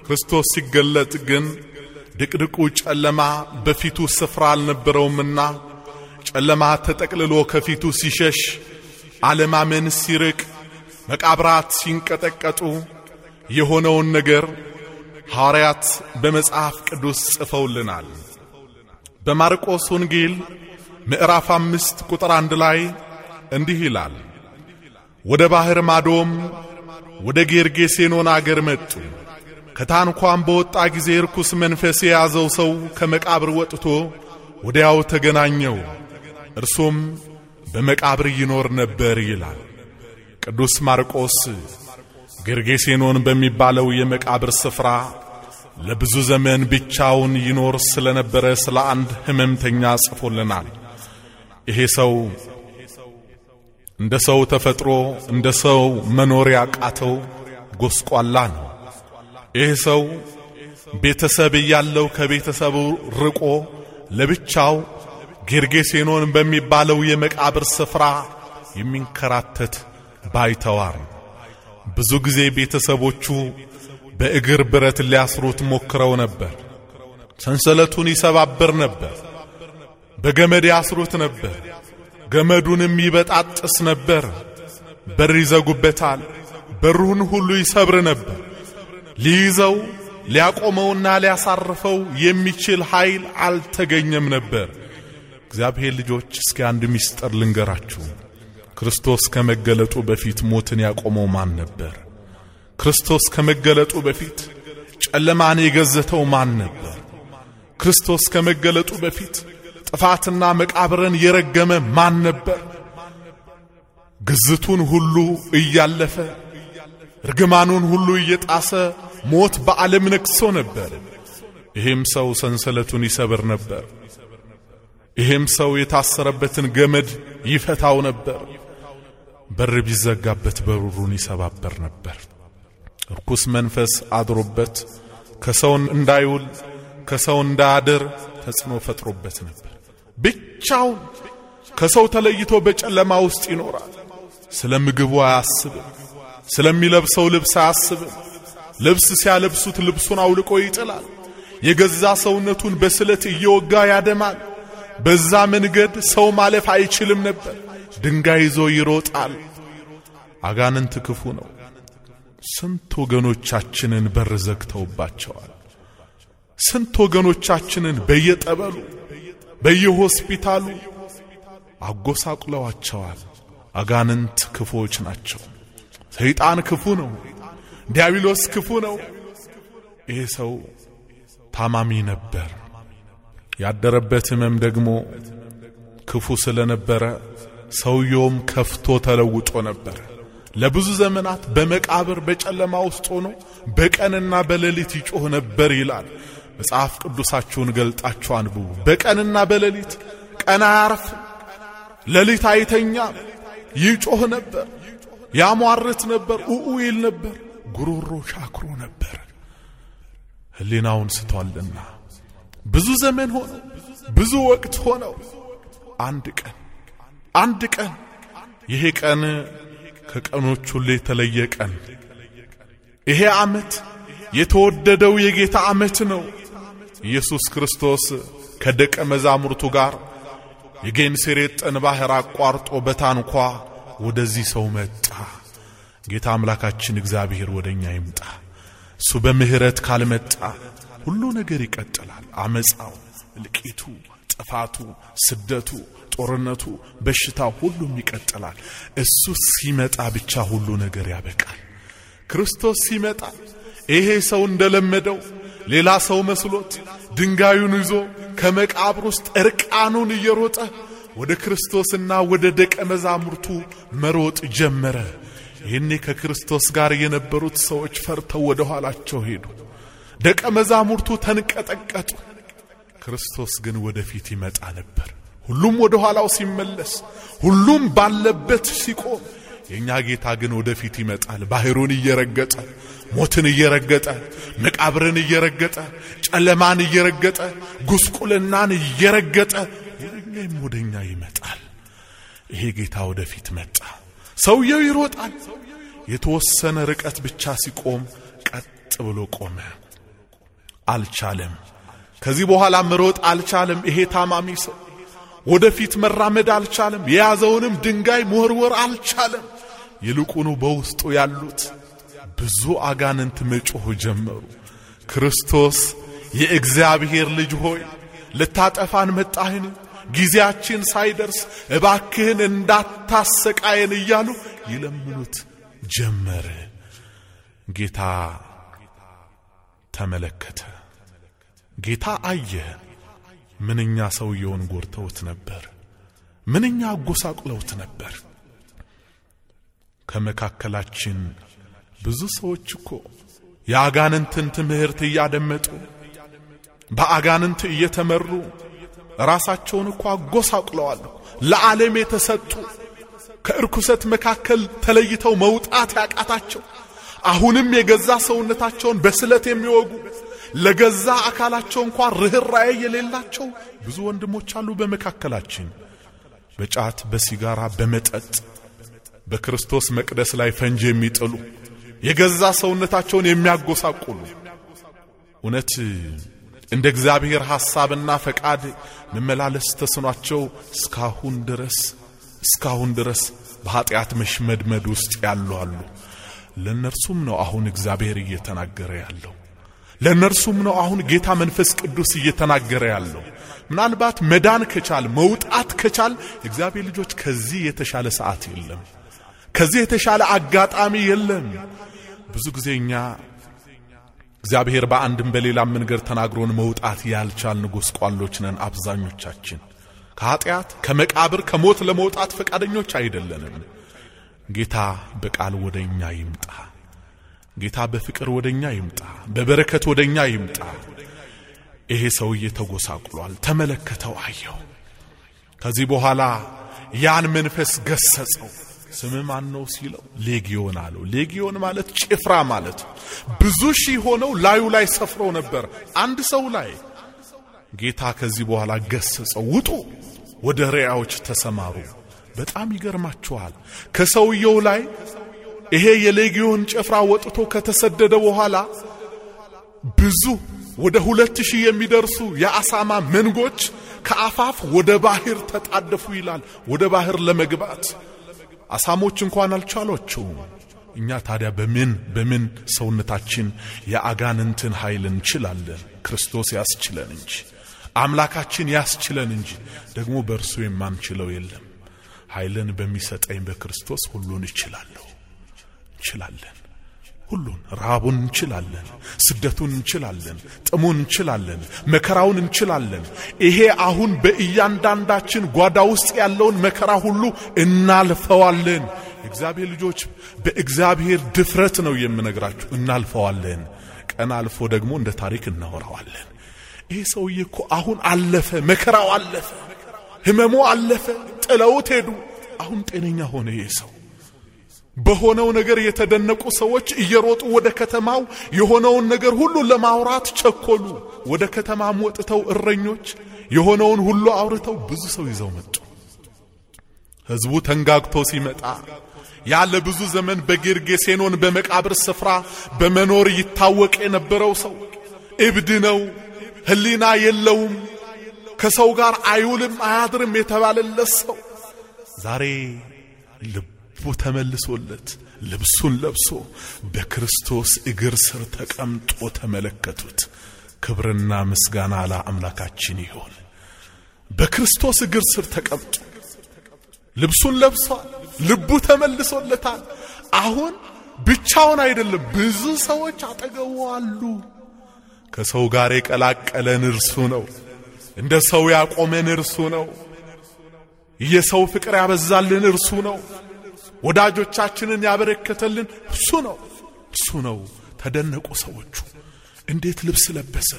ክርስቶስ ሲገለጥ ግን ድቅድቁ ጨለማ በፊቱ ስፍራ አልነበረውምና ጨለማ ተጠቅልሎ ከፊቱ ሲሸሽ፣ አለማመን ሲርቅ፣ መቃብራት ሲንቀጠቀጡ የሆነውን ነገር ሐዋርያት በመጽሐፍ ቅዱስ ጽፈውልናል። በማርቆስ ወንጌል ምዕራፍ አምስት ቁጥር አንድ ላይ እንዲህ ይላል፣ ወደ ባሕር ማዶም ወደ ጌርጌሴኖን አገር መጡ። ከታንኳም በወጣ ጊዜ ርኩስ መንፈስ የያዘው ሰው ከመቃብር ወጥቶ ወዲያው ተገናኘው፣ እርሱም በመቃብር ይኖር ነበር ይላል። ቅዱስ ማርቆስ ጌርጌሴኖን በሚባለው የመቃብር ስፍራ ለብዙ ዘመን ብቻውን ይኖር ስለነበረ ስለ አንድ ሕመምተኛ ጽፎልናል። ይሄ ሰው እንደ ሰው ተፈጥሮ እንደ ሰው መኖር ያቃተው ጎስቋላ ነው። ይሄ ሰው ቤተሰብ እያለው ከቤተሰቡ ርቆ ለብቻው ጌርጌሴኖን በሚባለው የመቃብር ስፍራ የሚንከራተት ባይተዋር ብዙ ጊዜ ቤተሰቦቹ በእግር ብረት ሊያስሩት ሞክረው ነበር። ሰንሰለቱን ይሰባብር ነበር። በገመድ ያስሩት ነበር፣ ገመዱንም ይበጣጥስ ነበር። በር ይዘጉበታል፣ በሩን ሁሉ ይሰብር ነበር። ሊይዘው ሊያቆመውና ሊያሳርፈው የሚችል ኃይል አልተገኘም ነበር። እግዚአብሔር ልጆች፣ እስኪ አንድ ምስጢር ልንገራችሁ። ክርስቶስ ከመገለጡ በፊት ሞትን ያቆመው ማን ነበር? ክርስቶስ ከመገለጡ በፊት ጨለማን የገዘተው ማን ነበር? ክርስቶስ ከመገለጡ በፊት ጥፋትና መቃብርን የረገመ ማን ነበር? ግዝቱን ሁሉ እያለፈ እርግማኑን ሁሉ እየጣሰ ሞት በዓለም ነግሶ ነበር። ይህም ሰው ሰንሰለቱን ይሰብር ነበር። ይህም ሰው የታሰረበትን ገመድ ይፈታው ነበር። በር ቢዘጋበት በሩን ይሰባበር ነበር። ርኩስ መንፈስ አድሮበት ከሰውን እንዳይውል ከሰው እንዳያድር ተጽዕኖ ፈጥሮበት ነበር። ብቻው ከሰው ተለይቶ በጨለማ ውስጥ ይኖራል። ስለ ምግቡ አያስብም። ስለሚለብሰው ልብስ አያስብም። ልብስ ሲያለብሱት ልብሱን አውልቆ ይጥላል። የገዛ ሰውነቱን በስለት እየወጋ ያደማል። በዛ መንገድ ሰው ማለፍ አይችልም ነበር። ድንጋይ ይዞ ይሮጣል። አጋንንት ክፉ ነው። ስንት ወገኖቻችንን በር ዘግተውባቸዋል። ስንት ወገኖቻችንን በየጠበሉ በየሆስፒታሉ አጎሳቁለዋቸዋል። አጋንንት ክፉዎች ናቸው። ሰይጣን ክፉ ነው። ዲያብሎስ ክፉ ነው። ይህ ሰው ታማሚ ነበር። ያደረበት ህመም ደግሞ ክፉ ስለነበረ ሰውየውም ከፍቶ ተለውጦ ነበር። ለብዙ ዘመናት በመቃብር በጨለማ ውስጥ ሆኖ በቀንና በሌሊት ይጮህ ነበር ይላል። መጽሐፍ ቅዱሳችሁን ገልጣችሁ አንብቡ። በቀንና በሌሊት ቀን አያርፍም፣ ሌሊት አይተኛም። ይጮህ ነበር፣ ያሟርት ነበር፣ ኡኡ ይል ነበር፣ ጉሮሮ ሻክሮ ነበር። ሕሊናውን ስቷልና ብዙ ዘመን ሆነው ብዙ ወቅት ሆነው አንድ ቀን አንድ ቀን ይሄ ቀን ከቀኖች ሁሉ የተለየ ቀን ይሄ ዓመት የተወደደው የጌታ ዓመት ነው። ኢየሱስ ክርስቶስ ከደቀ መዛሙርቱ ጋር የጌንሴሬጥ ጠን ባሕር አቋርጦ በታንኳ ወደዚህ ሰው መጣ። ጌታ አምላካችን እግዚአብሔር ወደኛ ይምጣ። እሱ በምሕረት ካልመጣ ሁሉ ነገር ይቀጥላል። አመፃው፣ እልቂቱ፣ ጥፋቱ፣ ስደቱ፣ ጦርነቱ፣ በሽታው ሁሉም ይቀጥላል። እሱ ሲመጣ ብቻ ሁሉ ነገር ያበቃል። ክርስቶስ ሲመጣ ይሄ ሰው እንደለመደው ሌላ ሰው መስሎት ድንጋዩን ይዞ ከመቃብር ውስጥ እርቃኑን እየሮጠ ወደ ክርስቶስና ወደ ደቀ መዛሙርቱ መሮጥ ጀመረ። ይህኔ ከክርስቶስ ጋር የነበሩት ሰዎች ፈርተው ወደ ኋላቸው ሄዱ። ደቀ መዛሙርቱ ተንቀጠቀጡ። ክርስቶስ ግን ወደፊት ይመጣ ነበር። ሁሉም ወደ ኋላው ሲመለስ፣ ሁሉም ባለበት ሲቆም የእኛ ጌታ ግን ወደፊት ይመጣል። ባህሩን እየረገጠ ሞትን እየረገጠ መቃብርን እየረገጠ ጨለማን እየረገጠ ጉስቁልናን እየረገጠ ወደኛም ወደኛ ይመጣል። ይሄ ጌታ ወደፊት መጣ። ሰውየው ይሮጣል። የተወሰነ ርቀት ብቻ ሲቆም ቀጥ ብሎ ቆመ። አልቻለም። ከዚህ በኋላ መሮጥ አልቻለም። ይሄ ታማሚ ሰው ወደፊት መራመድ አልቻለም። የያዘውንም ድንጋይ መወርወር አልቻለም። ይልቁኑ በውስጡ ያሉት ብዙ አጋንንት መጮህ ጀመሩ። ክርስቶስ የእግዚአብሔር ልጅ ሆይ ልታጠፋን መጣህን? ጊዜያችን ሳይደርስ እባክህን እንዳታሰቃየን እያሉ ይለምኑት ጀመረ። ጌታ ተመለከተ። ጌታ አየ። ምንኛ ሰውየውን ጎርተውት ነበር። ምንኛ አጎሳቁለውት ነበር። ከመካከላችን ብዙ ሰዎች እኮ የአጋንንትን ትምህርት እያደመጡ በአጋንንት እየተመሩ ራሳቸውን እኮ አጎሳቁለዋል። ለዓለም የተሰጡ ከእርኩሰት መካከል ተለይተው መውጣት ያቃታቸው አሁንም የገዛ ሰውነታቸውን በስለት የሚወጉ ለገዛ አካላቸው እንኳ ርኅራዬ የሌላቸው ብዙ ወንድሞች አሉ በመካከላችን በጫት፣ በሲጋራ፣ በመጠጥ በክርስቶስ መቅደስ ላይ ፈንጅ የሚጥሉ የገዛ ሰውነታቸውን የሚያጎሳቁሉ እውነት እንደ እግዚአብሔር ሐሳብና ፈቃድ መመላለስ ተስኗቸው እስካሁን ድረስ እስካሁን ድረስ በኀጢአት መሽመድመድ ውስጥ ያሉ አሉ። ለእነርሱም ነው አሁን እግዚአብሔር እየተናገረ ያለው። ለእነርሱም ነው አሁን ጌታ መንፈስ ቅዱስ እየተናገረ ያለው። ምናልባት መዳን ከቻል መውጣት ከቻል እግዚአብሔር ልጆች ከዚህ የተሻለ ሰዓት የለም። ከዚህ የተሻለ አጋጣሚ የለም። ብዙ ጊዜ እኛ እግዚአብሔር በአንድም በሌላም መንገድ ተናግሮን መውጣት ያልቻልን ጎስቋሎች ነን። አብዛኞቻችን ከኃጢአት ከመቃብር ከሞት ለመውጣት ፈቃደኞች አይደለንም። ጌታ በቃል ወደ እኛ ይምጣ። ጌታ በፍቅር ወደ እኛ ይምጣ። በበረከት ወደ እኛ ይምጣ። ይሄ ሰውዬ ተጎሳቅሏል። ተመለከተው፣ አየው። ከዚህ በኋላ ያን መንፈስ ገሰጸው። ስም ማን ነው ሲለው ሌጊዮን አለው። ሌጊዮን ማለት ጭፍራ ማለት ብዙ ሺህ ሆነው ላዩ ላይ ሰፍረው ነበር አንድ ሰው ላይ። ጌታ ከዚህ በኋላ ገሰጸው፣ ውጡ፣ ወደ ሪያዎች ተሰማሩ። በጣም ይገርማችኋል። ከሰውየው ላይ ይሄ የሌጊዮን ጭፍራ ወጥቶ ከተሰደደ በኋላ ብዙ ወደ ሁለት ሺህ የሚደርሱ የአሳማ መንጎች ከአፋፍ ወደ ባህር ተጣደፉ ይላል። ወደ ባህር ለመግባት አሳሞች እንኳን አልቻሏቸውም። እኛ ታዲያ በምን በምን ሰውነታችን የአጋንንትን ኃይል እንችላለን? ክርስቶስ ያስችለን እንጂ አምላካችን ያስችለን እንጂ። ደግሞ በእርሱ የማንችለው የለም። ኃይልን በሚሰጠኝ በክርስቶስ ሁሉን እችላለሁ እንችላለን። ሁሉን ረሃቡን እንችላለን፣ ስደቱን እንችላለን፣ ጥሙን እንችላለን፣ መከራውን እንችላለን። ይሄ አሁን በእያንዳንዳችን ጓዳ ውስጥ ያለውን መከራ ሁሉ እናልፈዋለን። እግዚአብሔር ልጆች በእግዚአብሔር ድፍረት ነው የምነግራችሁ፣ እናልፈዋለን። ቀን አልፎ ደግሞ እንደ ታሪክ እናወራዋለን። ይሄ ሰውዬ እኮ አሁን አለፈ፣ መከራው አለፈ፣ ህመሙ አለፈ፣ ጥለውት ሄዱ። አሁን ጤነኛ ሆነ ይሄ ሰው በሆነው ነገር የተደነቁ ሰዎች እየሮጡ ወደ ከተማው የሆነውን ነገር ሁሉ ለማውራት ቸኮሉ። ወደ ከተማም ወጥተው እረኞች የሆነውን ሁሉ አውርተው ብዙ ሰው ይዘው መጡ። ሕዝቡ ተንጋግቶ ሲመጣ ያለ ብዙ ዘመን በጌርጌሴኖን በመቃብር ስፍራ በመኖር ይታወቅ የነበረው ሰው እብድ ነው፣ ሕሊና የለውም፣ ከሰው ጋር አይውልም አያድርም የተባለለት ሰው ዛሬ ልብ ልቡ ተመልሶለት ልብሱን ለብሶ በክርስቶስ እግር ስር ተቀምጦ ተመለከቱት። ክብርና ምስጋና ለአምላካችን ይሆን። በክርስቶስ እግር ስር ተቀምጦ ልብሱን ለብሷል። ልቡ ተመልሶለታል። አሁን ብቻውን አይደለም፣ ብዙ ሰዎች አጠገቡ አሉ። ከሰው ጋር የቀላቀለን እርሱ ነው። እንደ ሰው ያቆመን እርሱ ነው። የሰው ፍቅር ያበዛልን እርሱ ነው። ወዳጆቻችንን ያበረከተልን እሱ ነው እሱ ነው ተደነቁ ሰዎቹ እንዴት ልብስ ለበሰ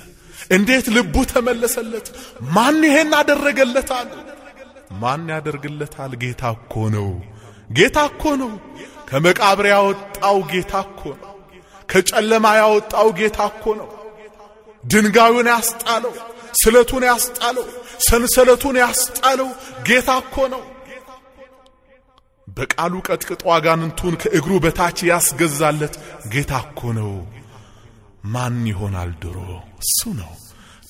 እንዴት ልቡ ተመለሰለት ማን ይሄን አደረገለታል ማን ያደርግለታል ጌታ እኮ ነው ጌታ እኮ ነው ከመቃብር ያወጣው ጌታ እኮ ነው ከጨለማ ያወጣው ጌታ እኮ ነው ድንጋዩን ያስጣለው ስለቱን ያስጣለው ሰንሰለቱን ያስጣለው ጌታ እኮ ነው በቃሉ ቀጥቅጦ አጋንንቱን ከእግሩ በታች ያስገዛለት ጌታ እኮ ነው። ማን ይሆናል ድሮ? እሱ ነው።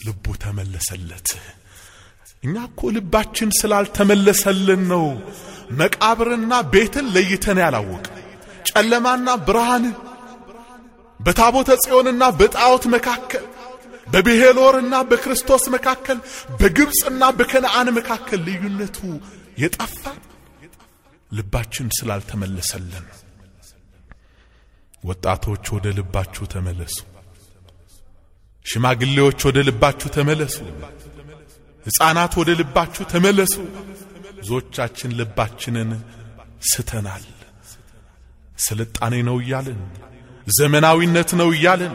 ልቡ ተመለሰለት። እኛ እኮ ልባችን ስላልተመለሰልን ነው መቃብርና ቤትን ለይተን ያላወቅ፣ ጨለማና ብርሃን፣ በታቦተ ጽዮንና በጣዖት መካከል፣ በብሔልወርና በክርስቶስ መካከል፣ በግብፅና በከነአን መካከል ልዩነቱ የጠፋ ልባችን ስላልተመለሰልን። ወጣቶች ወደ ልባችሁ ተመለሱ። ሽማግሌዎች ወደ ልባችሁ ተመለሱ። ሕፃናት ወደ ልባችሁ ተመለሱ። ብዙዎቻችን ልባችንን ስተናል። ስልጣኔ ነው እያልን፣ ዘመናዊነት ነው እያልን፣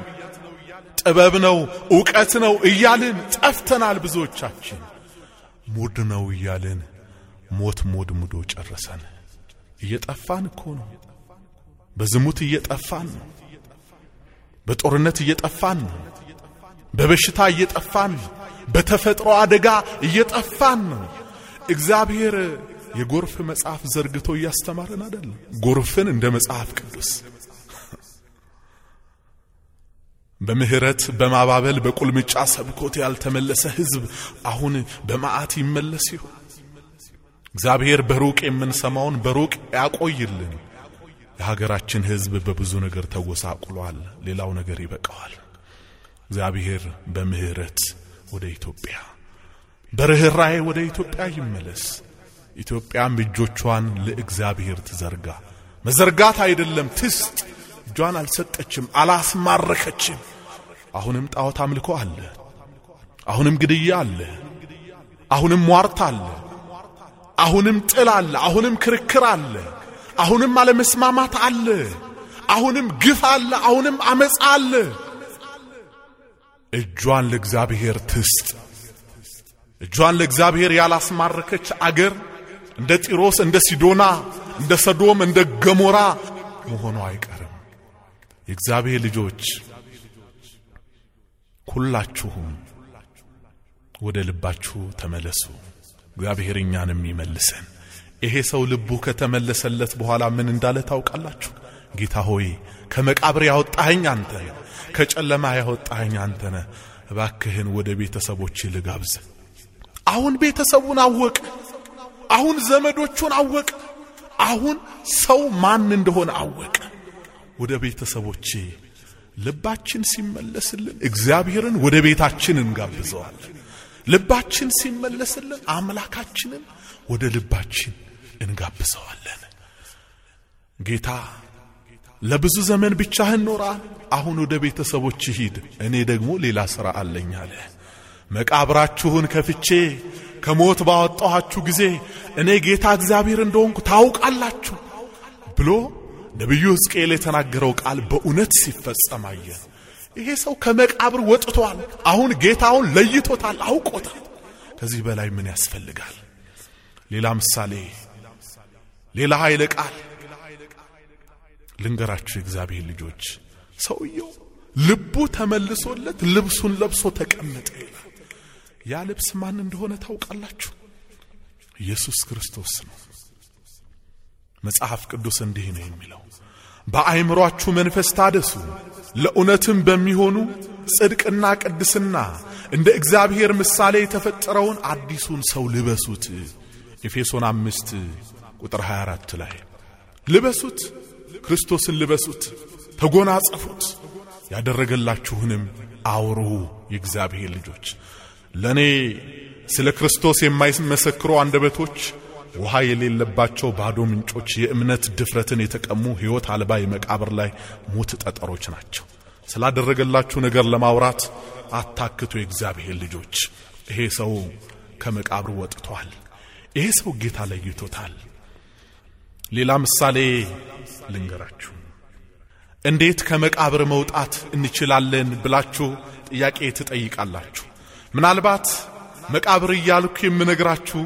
ጥበብ ነው እውቀት ነው እያልን ጠፍተናል። ብዙዎቻችን ሙድ ነው እያልን ሞት ሞድ ሙዶ ጨረሰን። እየጠፋን እኮ ነው። በዝሙት እየጠፋን ነው። በጦርነት እየጠፋን ነው። በበሽታ እየጠፋን ነው። በተፈጥሮ አደጋ እየጠፋን ነው። እግዚአብሔር የጎርፍ መጽሐፍ ዘርግቶ እያስተማረን አይደለም። ጎርፍን እንደ መጽሐፍ ቅዱስ በምህረት በማባበል በቁልምጫ ሰብኮት ያልተመለሰ ሕዝብ አሁን በመዓት ይመለስ ይሆን? እግዚአብሔር በሩቅ የምንሰማውን በሩቅ ያቆይልን። የሀገራችን ሕዝብ በብዙ ነገር ተወሳቁሏል። ሌላው ነገር ይበቃዋል። እግዚአብሔር በምህረት ወደ ኢትዮጵያ በርኅራዬ ወደ ኢትዮጵያ ይመለስ። ኢትዮጵያም እጆቿን ለእግዚአብሔር ትዘርጋ። መዘርጋት አይደለም ትስጥ። እጇን አልሰጠችም፣ አላስማረከችም። አሁንም ጣዖት አምልኮ አለ። አሁንም ግድያ አለ። አሁንም ሟርት አለ። አሁንም ጥል አለ፣ አሁንም ክርክር አለ፣ አሁንም አለመስማማት አለ፣ አሁንም ግፍ አለ፣ አሁንም አመፃ አለ። እጇን ለእግዚአብሔር ትስጥ። እጇን ለእግዚአብሔር ያላስማረከች አገር እንደ ጢሮስ፣ እንደ ሲዶና፣ እንደ ሰዶም፣ እንደ ገሞራ መሆኑ አይቀርም። የእግዚአብሔር ልጆች ሁላችሁም ወደ ልባችሁ ተመለሱ። እግዚአብሔር እኛንም ይመልሰን። ይሄ ሰው ልቡ ከተመለሰለት በኋላ ምን እንዳለ ታውቃላችሁ? ጌታ ሆይ ከመቃብር ያወጣኸኝ አንተ ከጨለማ ያወጣኸኝ አንተ ነ እባክህን ወደ ቤተሰቦች ልጋብዝ። አሁን ቤተሰቡን አወቅ፣ አሁን ዘመዶቹን አወቅ፣ አሁን ሰው ማን እንደሆነ አወቅ። ወደ ቤተሰቦቼ ልባችን ሲመለስልን እግዚአብሔርን ወደ ቤታችን እንጋብዘዋለን። ልባችን ሲመለስልን አምላካችንን ወደ ልባችን እንጋብዘዋለን። ጌታ ለብዙ ዘመን ብቻህን ኖራል፣ አሁን ወደ ቤተሰቦች ሂድ፣ እኔ ደግሞ ሌላ ሥራ አለኝ አለ። መቃብራችሁን ከፍቼ ከሞት ባወጣኋችሁ ጊዜ እኔ ጌታ እግዚአብሔር እንደሆንኩ ታውቃላችሁ ብሎ ነቢዩ ሕዝቅኤል የተናገረው ቃል በእውነት ሲፈጸም አየን። ይሄ ሰው ከመቃብር ወጥቷል። አሁን ጌታውን ለይቶታል፣ አውቆታል። ከዚህ በላይ ምን ያስፈልጋል? ሌላ ምሳሌ፣ ሌላ ኃይለ ቃል ልንገራችሁ። የእግዚአብሔር ልጆች ሰውየው ልቡ ተመልሶለት ልብሱን ለብሶ ተቀመጠ ይላል። ያ ልብስ ማን እንደሆነ ታውቃላችሁ? ኢየሱስ ክርስቶስ ነው። መጽሐፍ ቅዱስ እንዲህ ነው የሚለው በአይምሮአችሁ መንፈስ ታደሱ፣ ለእውነትም በሚሆኑ ጽድቅና ቅድስና እንደ እግዚአብሔር ምሳሌ የተፈጠረውን አዲሱን ሰው ልበሱት። ኤፌሶን አምስት ቁጥር 24 ላይ ልበሱት፣ ክርስቶስን ልበሱት፣ ተጎናጸፉት፣ ያደረገላችሁንም አውሩ። የእግዚአብሔር ልጆች ለእኔ ስለ ክርስቶስ የማይመሰክሩ አንደበቶች ውሃ የሌለባቸው ባዶ ምንጮች፣ የእምነት ድፍረትን የተቀሙ ሕይወት አልባ የመቃብር ላይ ሞት ጠጠሮች ናቸው። ስላደረገላችሁ ነገር ለማውራት አታክቱ የእግዚአብሔር ልጆች። ይሄ ሰው ከመቃብር ወጥቷል። ይሄ ሰው ጌታ ለይቶታል። ሌላ ምሳሌ ልንገራችሁ። እንዴት ከመቃብር መውጣት እንችላለን ብላችሁ ጥያቄ ትጠይቃላችሁ። ምናልባት መቃብር እያልኩ የምነግራችሁ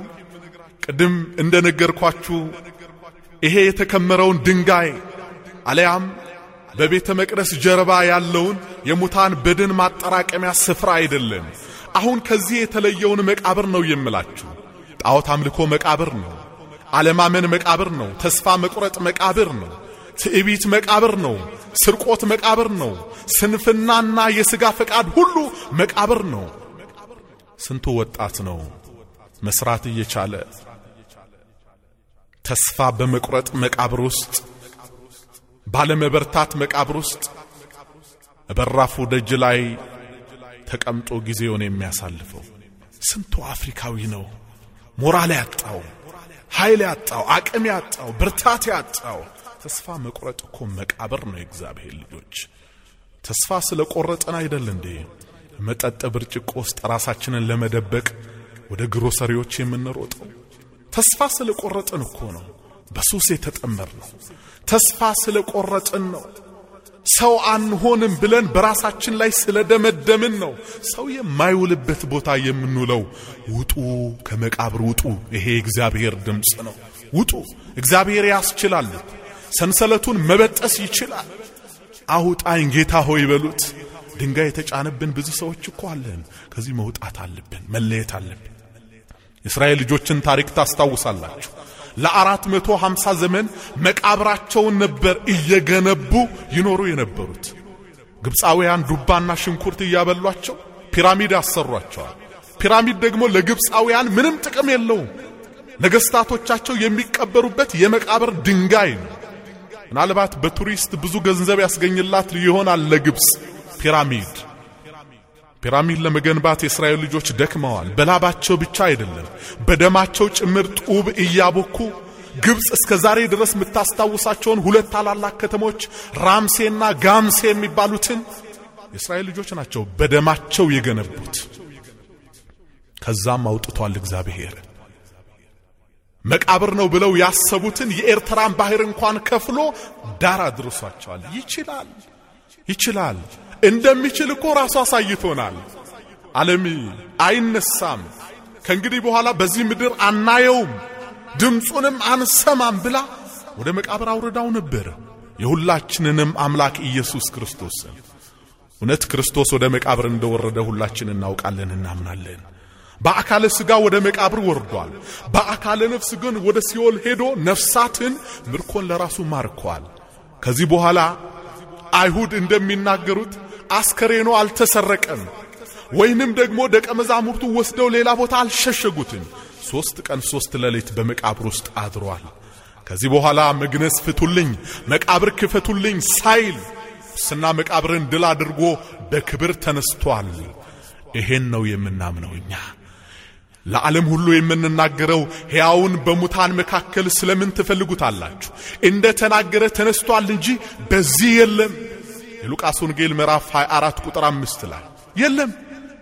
ቅድም እንደነገርኳችሁ ይሄ የተከመረውን ድንጋይ አለያም በቤተ መቅደስ ጀርባ ያለውን የሙታን በድን ማጠራቀሚያ ስፍራ አይደለም። አሁን ከዚህ የተለየውን መቃብር ነው የምላችሁ። ጣዖት አምልኮ መቃብር ነው። አለማመን መቃብር ነው። ተስፋ መቁረጥ መቃብር ነው። ትዕቢት መቃብር ነው። ስርቆት መቃብር ነው። ስንፍናና የሥጋ ፈቃድ ሁሉ መቃብር ነው። ስንቱ ወጣት ነው መስራት እየቻለ ተስፋ በመቁረጥ መቃብር ውስጥ ባለመበርታት መቃብር ውስጥ በራፉ ደጅ ላይ ተቀምጦ ጊዜውን የሚያሳልፈው ስንቱ አፍሪካዊ ነው ሞራል ያጣው፣ ኃይል ያጣው፣ አቅም ያጣው፣ ብርታት ያጣው። ተስፋ መቁረጥ እኮ መቃብር ነው። የእግዚአብሔር ልጆች ተስፋ ስለ ቆረጠን አይደል እንዴ መጠጥ ብርጭቆ ውስጥ ራሳችንን ለመደበቅ ወደ ግሮሰሪዎች የምንሮጠው? ተስፋ ስለቆረጥን እኮ ነው በሱስ የተጠመር ነው። ተስፋ ስለቆረጥን ነው። ሰው አንሆንም ብለን በራሳችን ላይ ስለደመደምን ነው። ሰው የማይውልበት ቦታ የምንውለው። ውጡ፣ ከመቃብር ውጡ። ይሄ እግዚአብሔር ድምፅ ነው። ውጡ። እግዚአብሔር ያስችላል። ሰንሰለቱን መበጠስ ይችላል። አውጣኝ ጌታ ሆይ በሉት። ድንጋይ የተጫነብን ብዙ ሰዎች እኮ አለን። ከዚህ መውጣት አለብን። መለየት አለብን። የእስራኤል ልጆችን ታሪክ ታስታውሳላችሁ። ለአራት መቶ ሃምሳ ዘመን መቃብራቸውን ነበር እየገነቡ ይኖሩ የነበሩት። ግብፃውያን ዱባና ሽንኩርት እያበሏቸው ፒራሚድ አሰሯቸዋል። ፒራሚድ ደግሞ ለግብፃውያን ምንም ጥቅም የለውም። ነገስታቶቻቸው የሚቀበሩበት የመቃብር ድንጋይ ነው። ምናልባት በቱሪስት ብዙ ገንዘብ ያስገኝላት ይሆናል ለግብፅ ፒራሚድ ፒራሚድ ለመገንባት የእስራኤል ልጆች ደክመዋል። በላባቸው ብቻ አይደለም፣ በደማቸው ጭምር ጡብ እያቦኩ ግብፅ እስከ ዛሬ ድረስ የምታስታውሳቸውን ሁለት ታላላቅ ከተሞች ራምሴና ጋምሴ የሚባሉትን የእስራኤል ልጆች ናቸው በደማቸው የገነቡት። ከዛም አውጥቷል እግዚአብሔር። መቃብር ነው ብለው ያሰቡትን የኤርትራን ባህር እንኳን ከፍሎ ዳር አድርሷቸዋል። ይችላል፣ ይችላል። እንደሚችል እኮ ራሱ አሳይቶናል። ዓለም አይነሳም ከእንግዲህ በኋላ በዚህ ምድር አናየውም፣ ድምፁንም አንሰማም ብላ ወደ መቃብር አውርዳው ነበር የሁላችንንም አምላክ ኢየሱስ ክርስቶስን። እውነት ክርስቶስ ወደ መቃብር እንደወረደ ሁላችን እናውቃለን፣ እናምናለን። በአካለ ሥጋ ወደ መቃብር ወርዷል። በአካለ ነፍስ ግን ወደ ሲኦል ሄዶ ነፍሳትን ምርኮን ለራሱ ማርኳል። ከዚህ በኋላ አይሁድ እንደሚናገሩት አስከሬኑ አልተሰረቀም፣ ወይንም ደግሞ ደቀ መዛሙርቱ ወስደው ሌላ ቦታ አልሸሸጉትም። ሦስት ቀን ሦስት ሌሊት በመቃብር ውስጥ አድሯል። ከዚህ በኋላ መግነስ ፍቱልኝ፣ መቃብር ክፈቱልኝ ሳይል ስና መቃብርን ድል አድርጎ በክብር ተነስቷል። ይሄን ነው የምናምነው እኛ። ለዓለም ሁሉ የምንናገረው ሕያውን በሙታን መካከል ስለምን ትፈልጉታላችሁ? እንደ ተናገረ ተነስቷል እንጂ በዚህ የለም። የሉቃስ ወንጌል ምዕራፍ 24 ቁጥር 5 ላይ የለም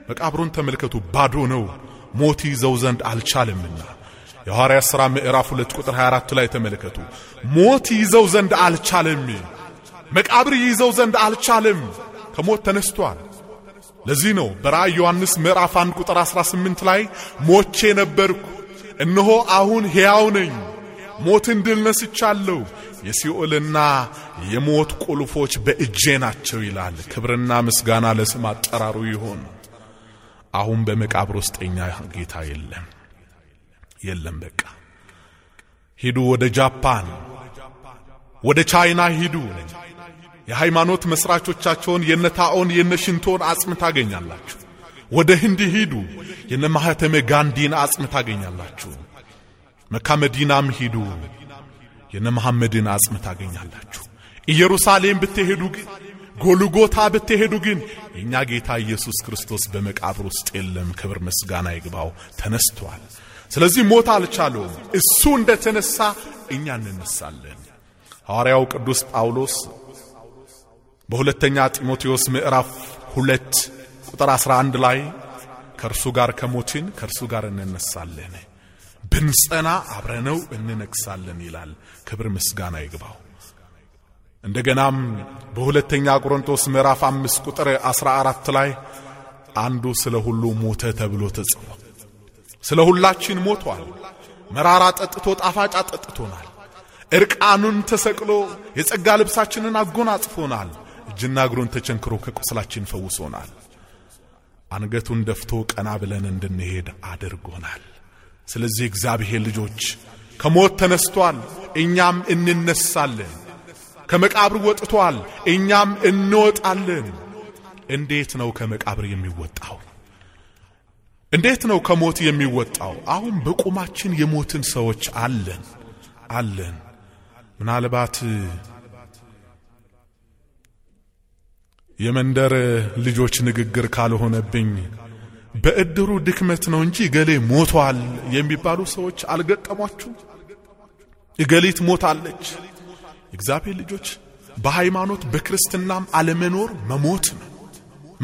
መቃብሩን ተመልከቱ፣ ባዶ ነው፣ ሞት ይዘው ዘንድ አልቻለምና። የሐዋርያት ሥራ ምዕራፍ 2 ቁጥር 24 ላይ ተመልከቱ፣ ሞት ይዘው ዘንድ አልቻለም፣ መቃብር ይዘው ዘንድ አልቻለም፣ ከሞት ተነስቷል። ለዚህ ነው በራእይ ዮሐንስ ምዕራፍ 1 ቁጥር 18 ላይ ሞቼ ነበርኩ፣ እነሆ አሁን ሕያው ነኝ፣ ሞትን ድል ነስቻለሁ፣ የሲኦልና የሞት ቁልፎች በእጄ ናቸው ይላል። ክብርና ምስጋና ለስም አጠራሩ ይሁን። አሁን በመቃብር ውስጠኛ ጌታ የለም የለም። በቃ ሂዱ፣ ወደ ጃፓን፣ ወደ ቻይና ሂዱ። የሃይማኖት መስራቾቻቸውን የነታኦን የነሽንቶን አጽም ታገኛላችሁ። ወደ ህንድ ሂዱ፣ የነማህተመ ጋንዲን አጽም ታገኛላችሁ። መካ መዲናም ሂዱ። የነ መሐመድን አጽም ታገኛላችሁ። ኢየሩሳሌም ብትሄዱ ግን፣ ጎልጎታ ብትሄዱ ግን የእኛ ጌታ ኢየሱስ ክርስቶስ በመቃብር ውስጥ የለም። ክብር ምስጋና ይግባው፣ ተነስቷል። ስለዚህ ሞት አልቻለውም። እሱ እንደ ተነሳ እኛ እንነሳለን። ሐዋርያው ቅዱስ ጳውሎስ በሁለተኛ ጢሞቴዎስ ምዕራፍ ሁለት ቁጥር 11 ላይ ከእርሱ ጋር ከሞትን ከእርሱ ጋር እንነሳለን ብንጸና አብረነው እንነግሳለን ይላል። ክብር ምስጋና ይግባው። እንደገናም በሁለተኛ ቆሮንቶስ ምዕራፍ አምስት ቁጥር አስራ አራት ላይ አንዱ ስለ ሁሉ ሞተ ተብሎ ተጽፏል። ስለ ሁላችን ሞቷል። መራራ ጠጥቶ ጣፋጭ አጠጥቶናል። እርቃኑን ተሰቅሎ የጸጋ ልብሳችንን አጎናጽፎናል። እጅና እግሩን ተቸንክሮ ከቁስላችን ፈውሶናል። አንገቱን ደፍቶ ቀና ብለን እንድንሄድ አድርጎናል። ስለዚህ እግዚአብሔር ልጆች ከሞት ተነስቷል፣ እኛም እንነሳለን። ከመቃብር ወጥቷል፣ እኛም እንወጣለን። እንዴት ነው ከመቃብር የሚወጣው? እንዴት ነው ከሞት የሚወጣው? አሁን በቁማችን የሞትን ሰዎች አለን አለን። ምናልባት የመንደር ልጆች ንግግር ካልሆነብኝ በእድሩ ድክመት ነው እንጂ እገሌ ሞቷል የሚባሉ ሰዎች አልገጠሟችሁ? እገሊት ሞታለች። እግዚአብሔር ልጆች በሃይማኖት በክርስትናም አለመኖር መሞት ነው።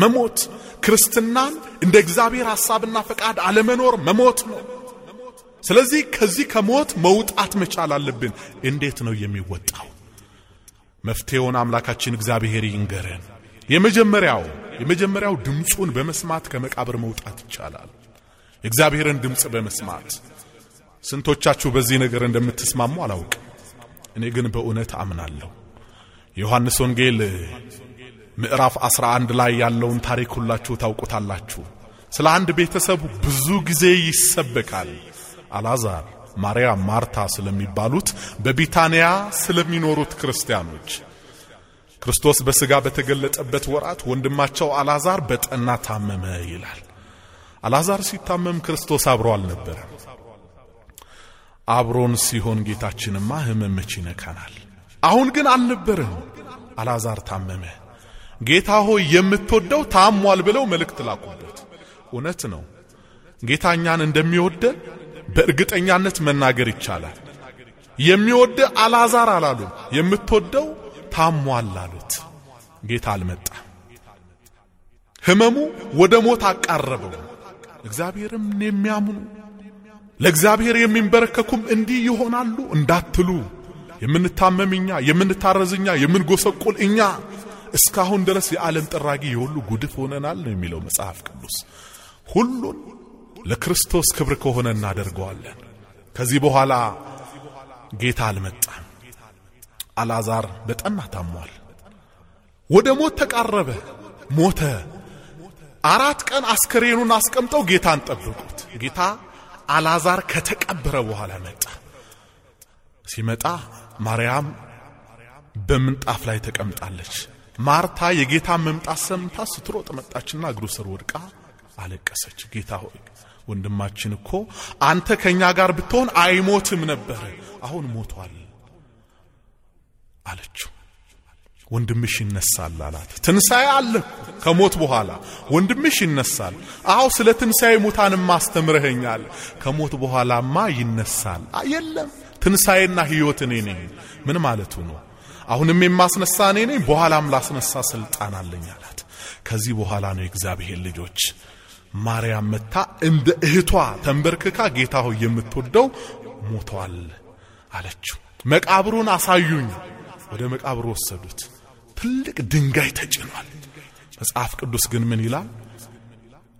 መሞት ክርስትናን እንደ እግዚአብሔር ሐሳብና ፈቃድ አለመኖር መሞት ነው። ስለዚህ ከዚህ ከሞት መውጣት መቻል አለብን። እንዴት ነው የሚወጣው? መፍትሄውን አምላካችን እግዚአብሔር ይንገረን። የመጀመሪያው የመጀመሪያው ድምፁን በመስማት ከመቃብር መውጣት ይቻላል። የእግዚአብሔርን ድምፅ በመስማት ስንቶቻችሁ በዚህ ነገር እንደምትስማሙ አላውቅም። እኔ ግን በእውነት አምናለሁ። የዮሐንስ ወንጌል ምዕራፍ 11 ላይ ያለውን ታሪክ ሁላችሁ ታውቁታላችሁ። ስለ አንድ ቤተሰብ ብዙ ጊዜ ይሰበካል። አላዛር ማርያም፣ ማርታ ስለሚባሉት በቢታንያ ስለሚኖሩት ክርስቲያኖች ክርስቶስ በሥጋ በተገለጠበት ወራት ወንድማቸው አልዓዛር በጠና ታመመ ይላል። አልዓዛር ሲታመም ክርስቶስ አብሮ አልነበረ። አብሮን ሲሆን ጌታችንማ ሕመም መች ይነካናል? አሁን ግን አልነበረም። አልዓዛር ታመመ። ጌታ ሆይ የምትወደው ታሟል ብለው መልእክት ላኩበት። እውነት ነው። ጌታ እኛን እንደሚወደን በእርግጠኛነት መናገር ይቻላል። የሚወደ አልዓዛር አላሉ። የምትወደው ታሟል አሉት። ጌታ አልመጣ። ህመሙ ወደ ሞት አቃረበው። እግዚአብሔርም የሚያምኑ ለእግዚአብሔር የሚንበረከኩም እንዲህ ይሆናሉ እንዳትሉ የምንታመም እኛ፣ የምንታረዝ እኛ፣ የምንጎሰቁል እኛ እስካሁን ድረስ የዓለም ጥራጊ የሁሉ ጉድፍ ሆነናል ነው የሚለው መጽሐፍ ቅዱስ። ሁሉን ለክርስቶስ ክብር ከሆነ እናደርገዋለን። ከዚህ በኋላ ጌታ አልመጣም። አልዓዛር በጠና ታሟል። ወደ ሞት ተቃረበ፣ ሞተ። አራት ቀን አስከሬኑን አስቀምጠው ጌታን ጠብቁት። ጌታ አልዓዛር ከተቀበረ በኋላ መጣ። ሲመጣ ማርያም በምንጣፍ ላይ ተቀምጣለች። ማርታ የጌታ መምጣት ሰምታ ስትሮጥ መጣችና እግሩ ስር ወድቃ አለቀሰች። ጌታ ሆይ ወንድማችን እኮ አንተ ከእኛ ጋር ብትሆን አይሞትም ነበር፣ አሁን ሞቷል። አለችው። ወንድምሽ ይነሳል አላት። ትንሣኤ አለ ከሞት በኋላ ወንድምሽ ይነሳል። አሁ ስለ ትንሣኤ ሙታንም አስተምረኸኛል። ከሞት በኋላማ ይነሳል። የለም ትንሣኤና ሕይወት እኔ ነኝ። ምን ማለቱ ነው? አሁንም የማስነሳ እኔ ነኝ፣ በኋላም ላስነሳ ሥልጣን አለኝ አላት። ከዚህ በኋላ ነው የእግዚአብሔር ልጆች ማርያም መታ እንደ እህቷ ተንበርክካ ጌታ ሆይ የምትወደው ሞቷል አለችው። መቃብሩን አሳዩኝ ወደ መቃብር ወሰዱት። ትልቅ ድንጋይ ተጭኗል። መጽሐፍ ቅዱስ ግን ምን ይላል?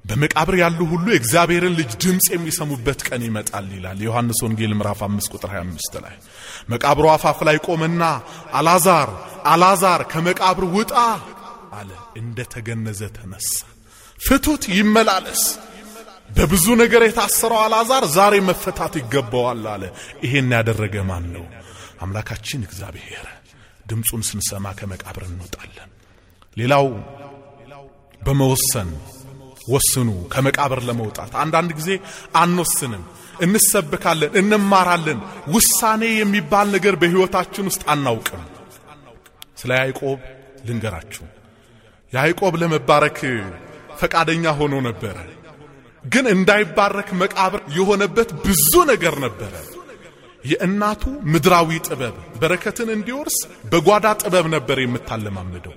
በመቃብር ያሉ ሁሉ የእግዚአብሔርን ልጅ ድምፅ የሚሰሙበት ቀን ይመጣል ይላል። ዮሐንስ ወንጌል ምዕራፍ 5 ቁጥር 25 ላይ መቃብሩ አፋፍ ላይ ቆመና አላዛር አላዛር ከመቃብር ውጣ አለ። እንደ ተገነዘ ተነሳ። ፍቱት ይመላለስ። በብዙ ነገር የታሰረው አላዛር ዛሬ መፈታት ይገባዋል አለ። ይሄን ያደረገ ማን ነው? አምላካችን እግዚአብሔር ድምፁን ስንሰማ ከመቃብር እንወጣለን። ሌላው በመወሰን ወስኑ ከመቃብር ለመውጣት። አንዳንድ ጊዜ አንወስንም፣ እንሰብካለን፣ እንማራለን። ውሳኔ የሚባል ነገር በሕይወታችን ውስጥ አናውቅም። ስለ ያዕቆብ ልንገራችሁ። ያዕቆብ ለመባረክ ፈቃደኛ ሆኖ ነበረ፣ ግን እንዳይባረክ መቃብር የሆነበት ብዙ ነገር ነበረ። የእናቱ ምድራዊ ጥበብ በረከትን እንዲወርስ በጓዳ ጥበብ ነበር የምታለማምደው።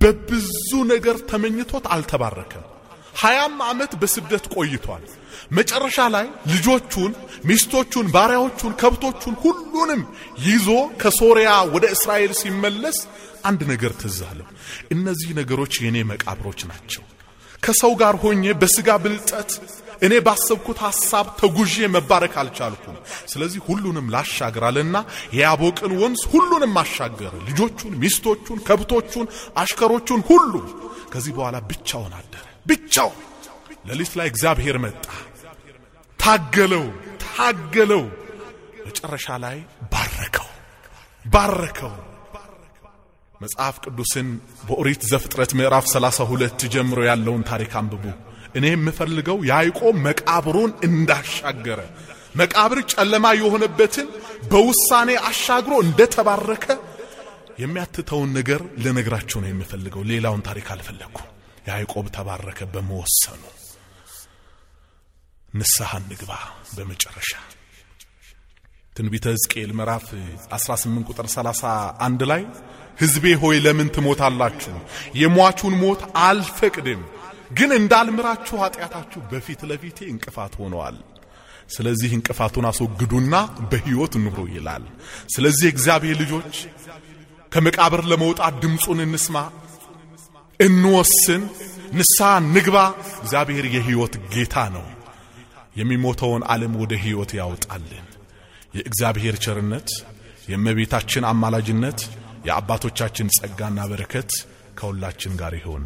በብዙ ነገር ተመኝቶት አልተባረከም። ሀያም ዓመት በስደት ቆይቷል። መጨረሻ ላይ ልጆቹን፣ ሚስቶቹን፣ ባሪያዎቹን፣ ከብቶቹን ሁሉንም ይዞ ከሶሪያ ወደ እስራኤል ሲመለስ አንድ ነገር ትዝ አለው። እነዚህ ነገሮች የእኔ መቃብሮች ናቸው። ከሰው ጋር ሆኜ በሥጋ ብልጠት እኔ ባሰብኩት ሐሳብ ተጉዤ መባረክ አልቻልኩም። ስለዚህ ሁሉንም ላሻግራልና የያቦቅን ወንዝ ሁሉንም አሻገር። ልጆቹን፣ ሚስቶቹን፣ ከብቶቹን፣ አሽከሮቹን ሁሉ። ከዚህ በኋላ ብቻውን አደረ። ብቻው ሌሊት ላይ እግዚአብሔር መጣ። ታገለው፣ ታገለው። መጨረሻ ላይ ባረከው፣ ባረከው። መጽሐፍ ቅዱስን በኦሪት ዘፍጥረት ምዕራፍ 32 ጀምሮ ያለውን ታሪክ አንብቡ። እኔ የምፈልገው ያዕቆብ መቃብሩን እንዳሻገረ መቃብር ጨለማ የሆነበትን በውሳኔ አሻግሮ እንደተባረከ የሚያትተውን ነገር ልነግራችሁ ነው የምፈልገው። ሌላውን ታሪክ አልፈለግኩ። ያዕቆብ ተባረከ በመወሰኑ። ንስሐ ንግባ። በመጨረሻ ትንቢተ ሕዝቅኤል ምዕራፍ 18 ቁጥር 31 ላይ ሕዝቤ ሆይ ለምን ትሞታላችሁ? የሟቹን ሞት አልፈቅድም ግን እንዳልምራችሁ ኃጢአታችሁ በፊት ለፊቴ እንቅፋት ሆነዋል። ስለዚህ እንቅፋቱን አስወግዱና በሕይወት ኑሩ ይላል። ስለዚህ እግዚአብሔር ልጆች ከመቃብር ለመውጣት ድምፁን እንስማ፣ እንወስን፣ ንስሐ ንግባ። እግዚአብሔር የሕይወት ጌታ ነው። የሚሞተውን ዓለም ወደ ሕይወት ያውጣልን። የእግዚአብሔር ቸርነት፣ የእመቤታችን አማላጅነት፣ የአባቶቻችን ጸጋና በረከት ከሁላችን ጋር ይሁን።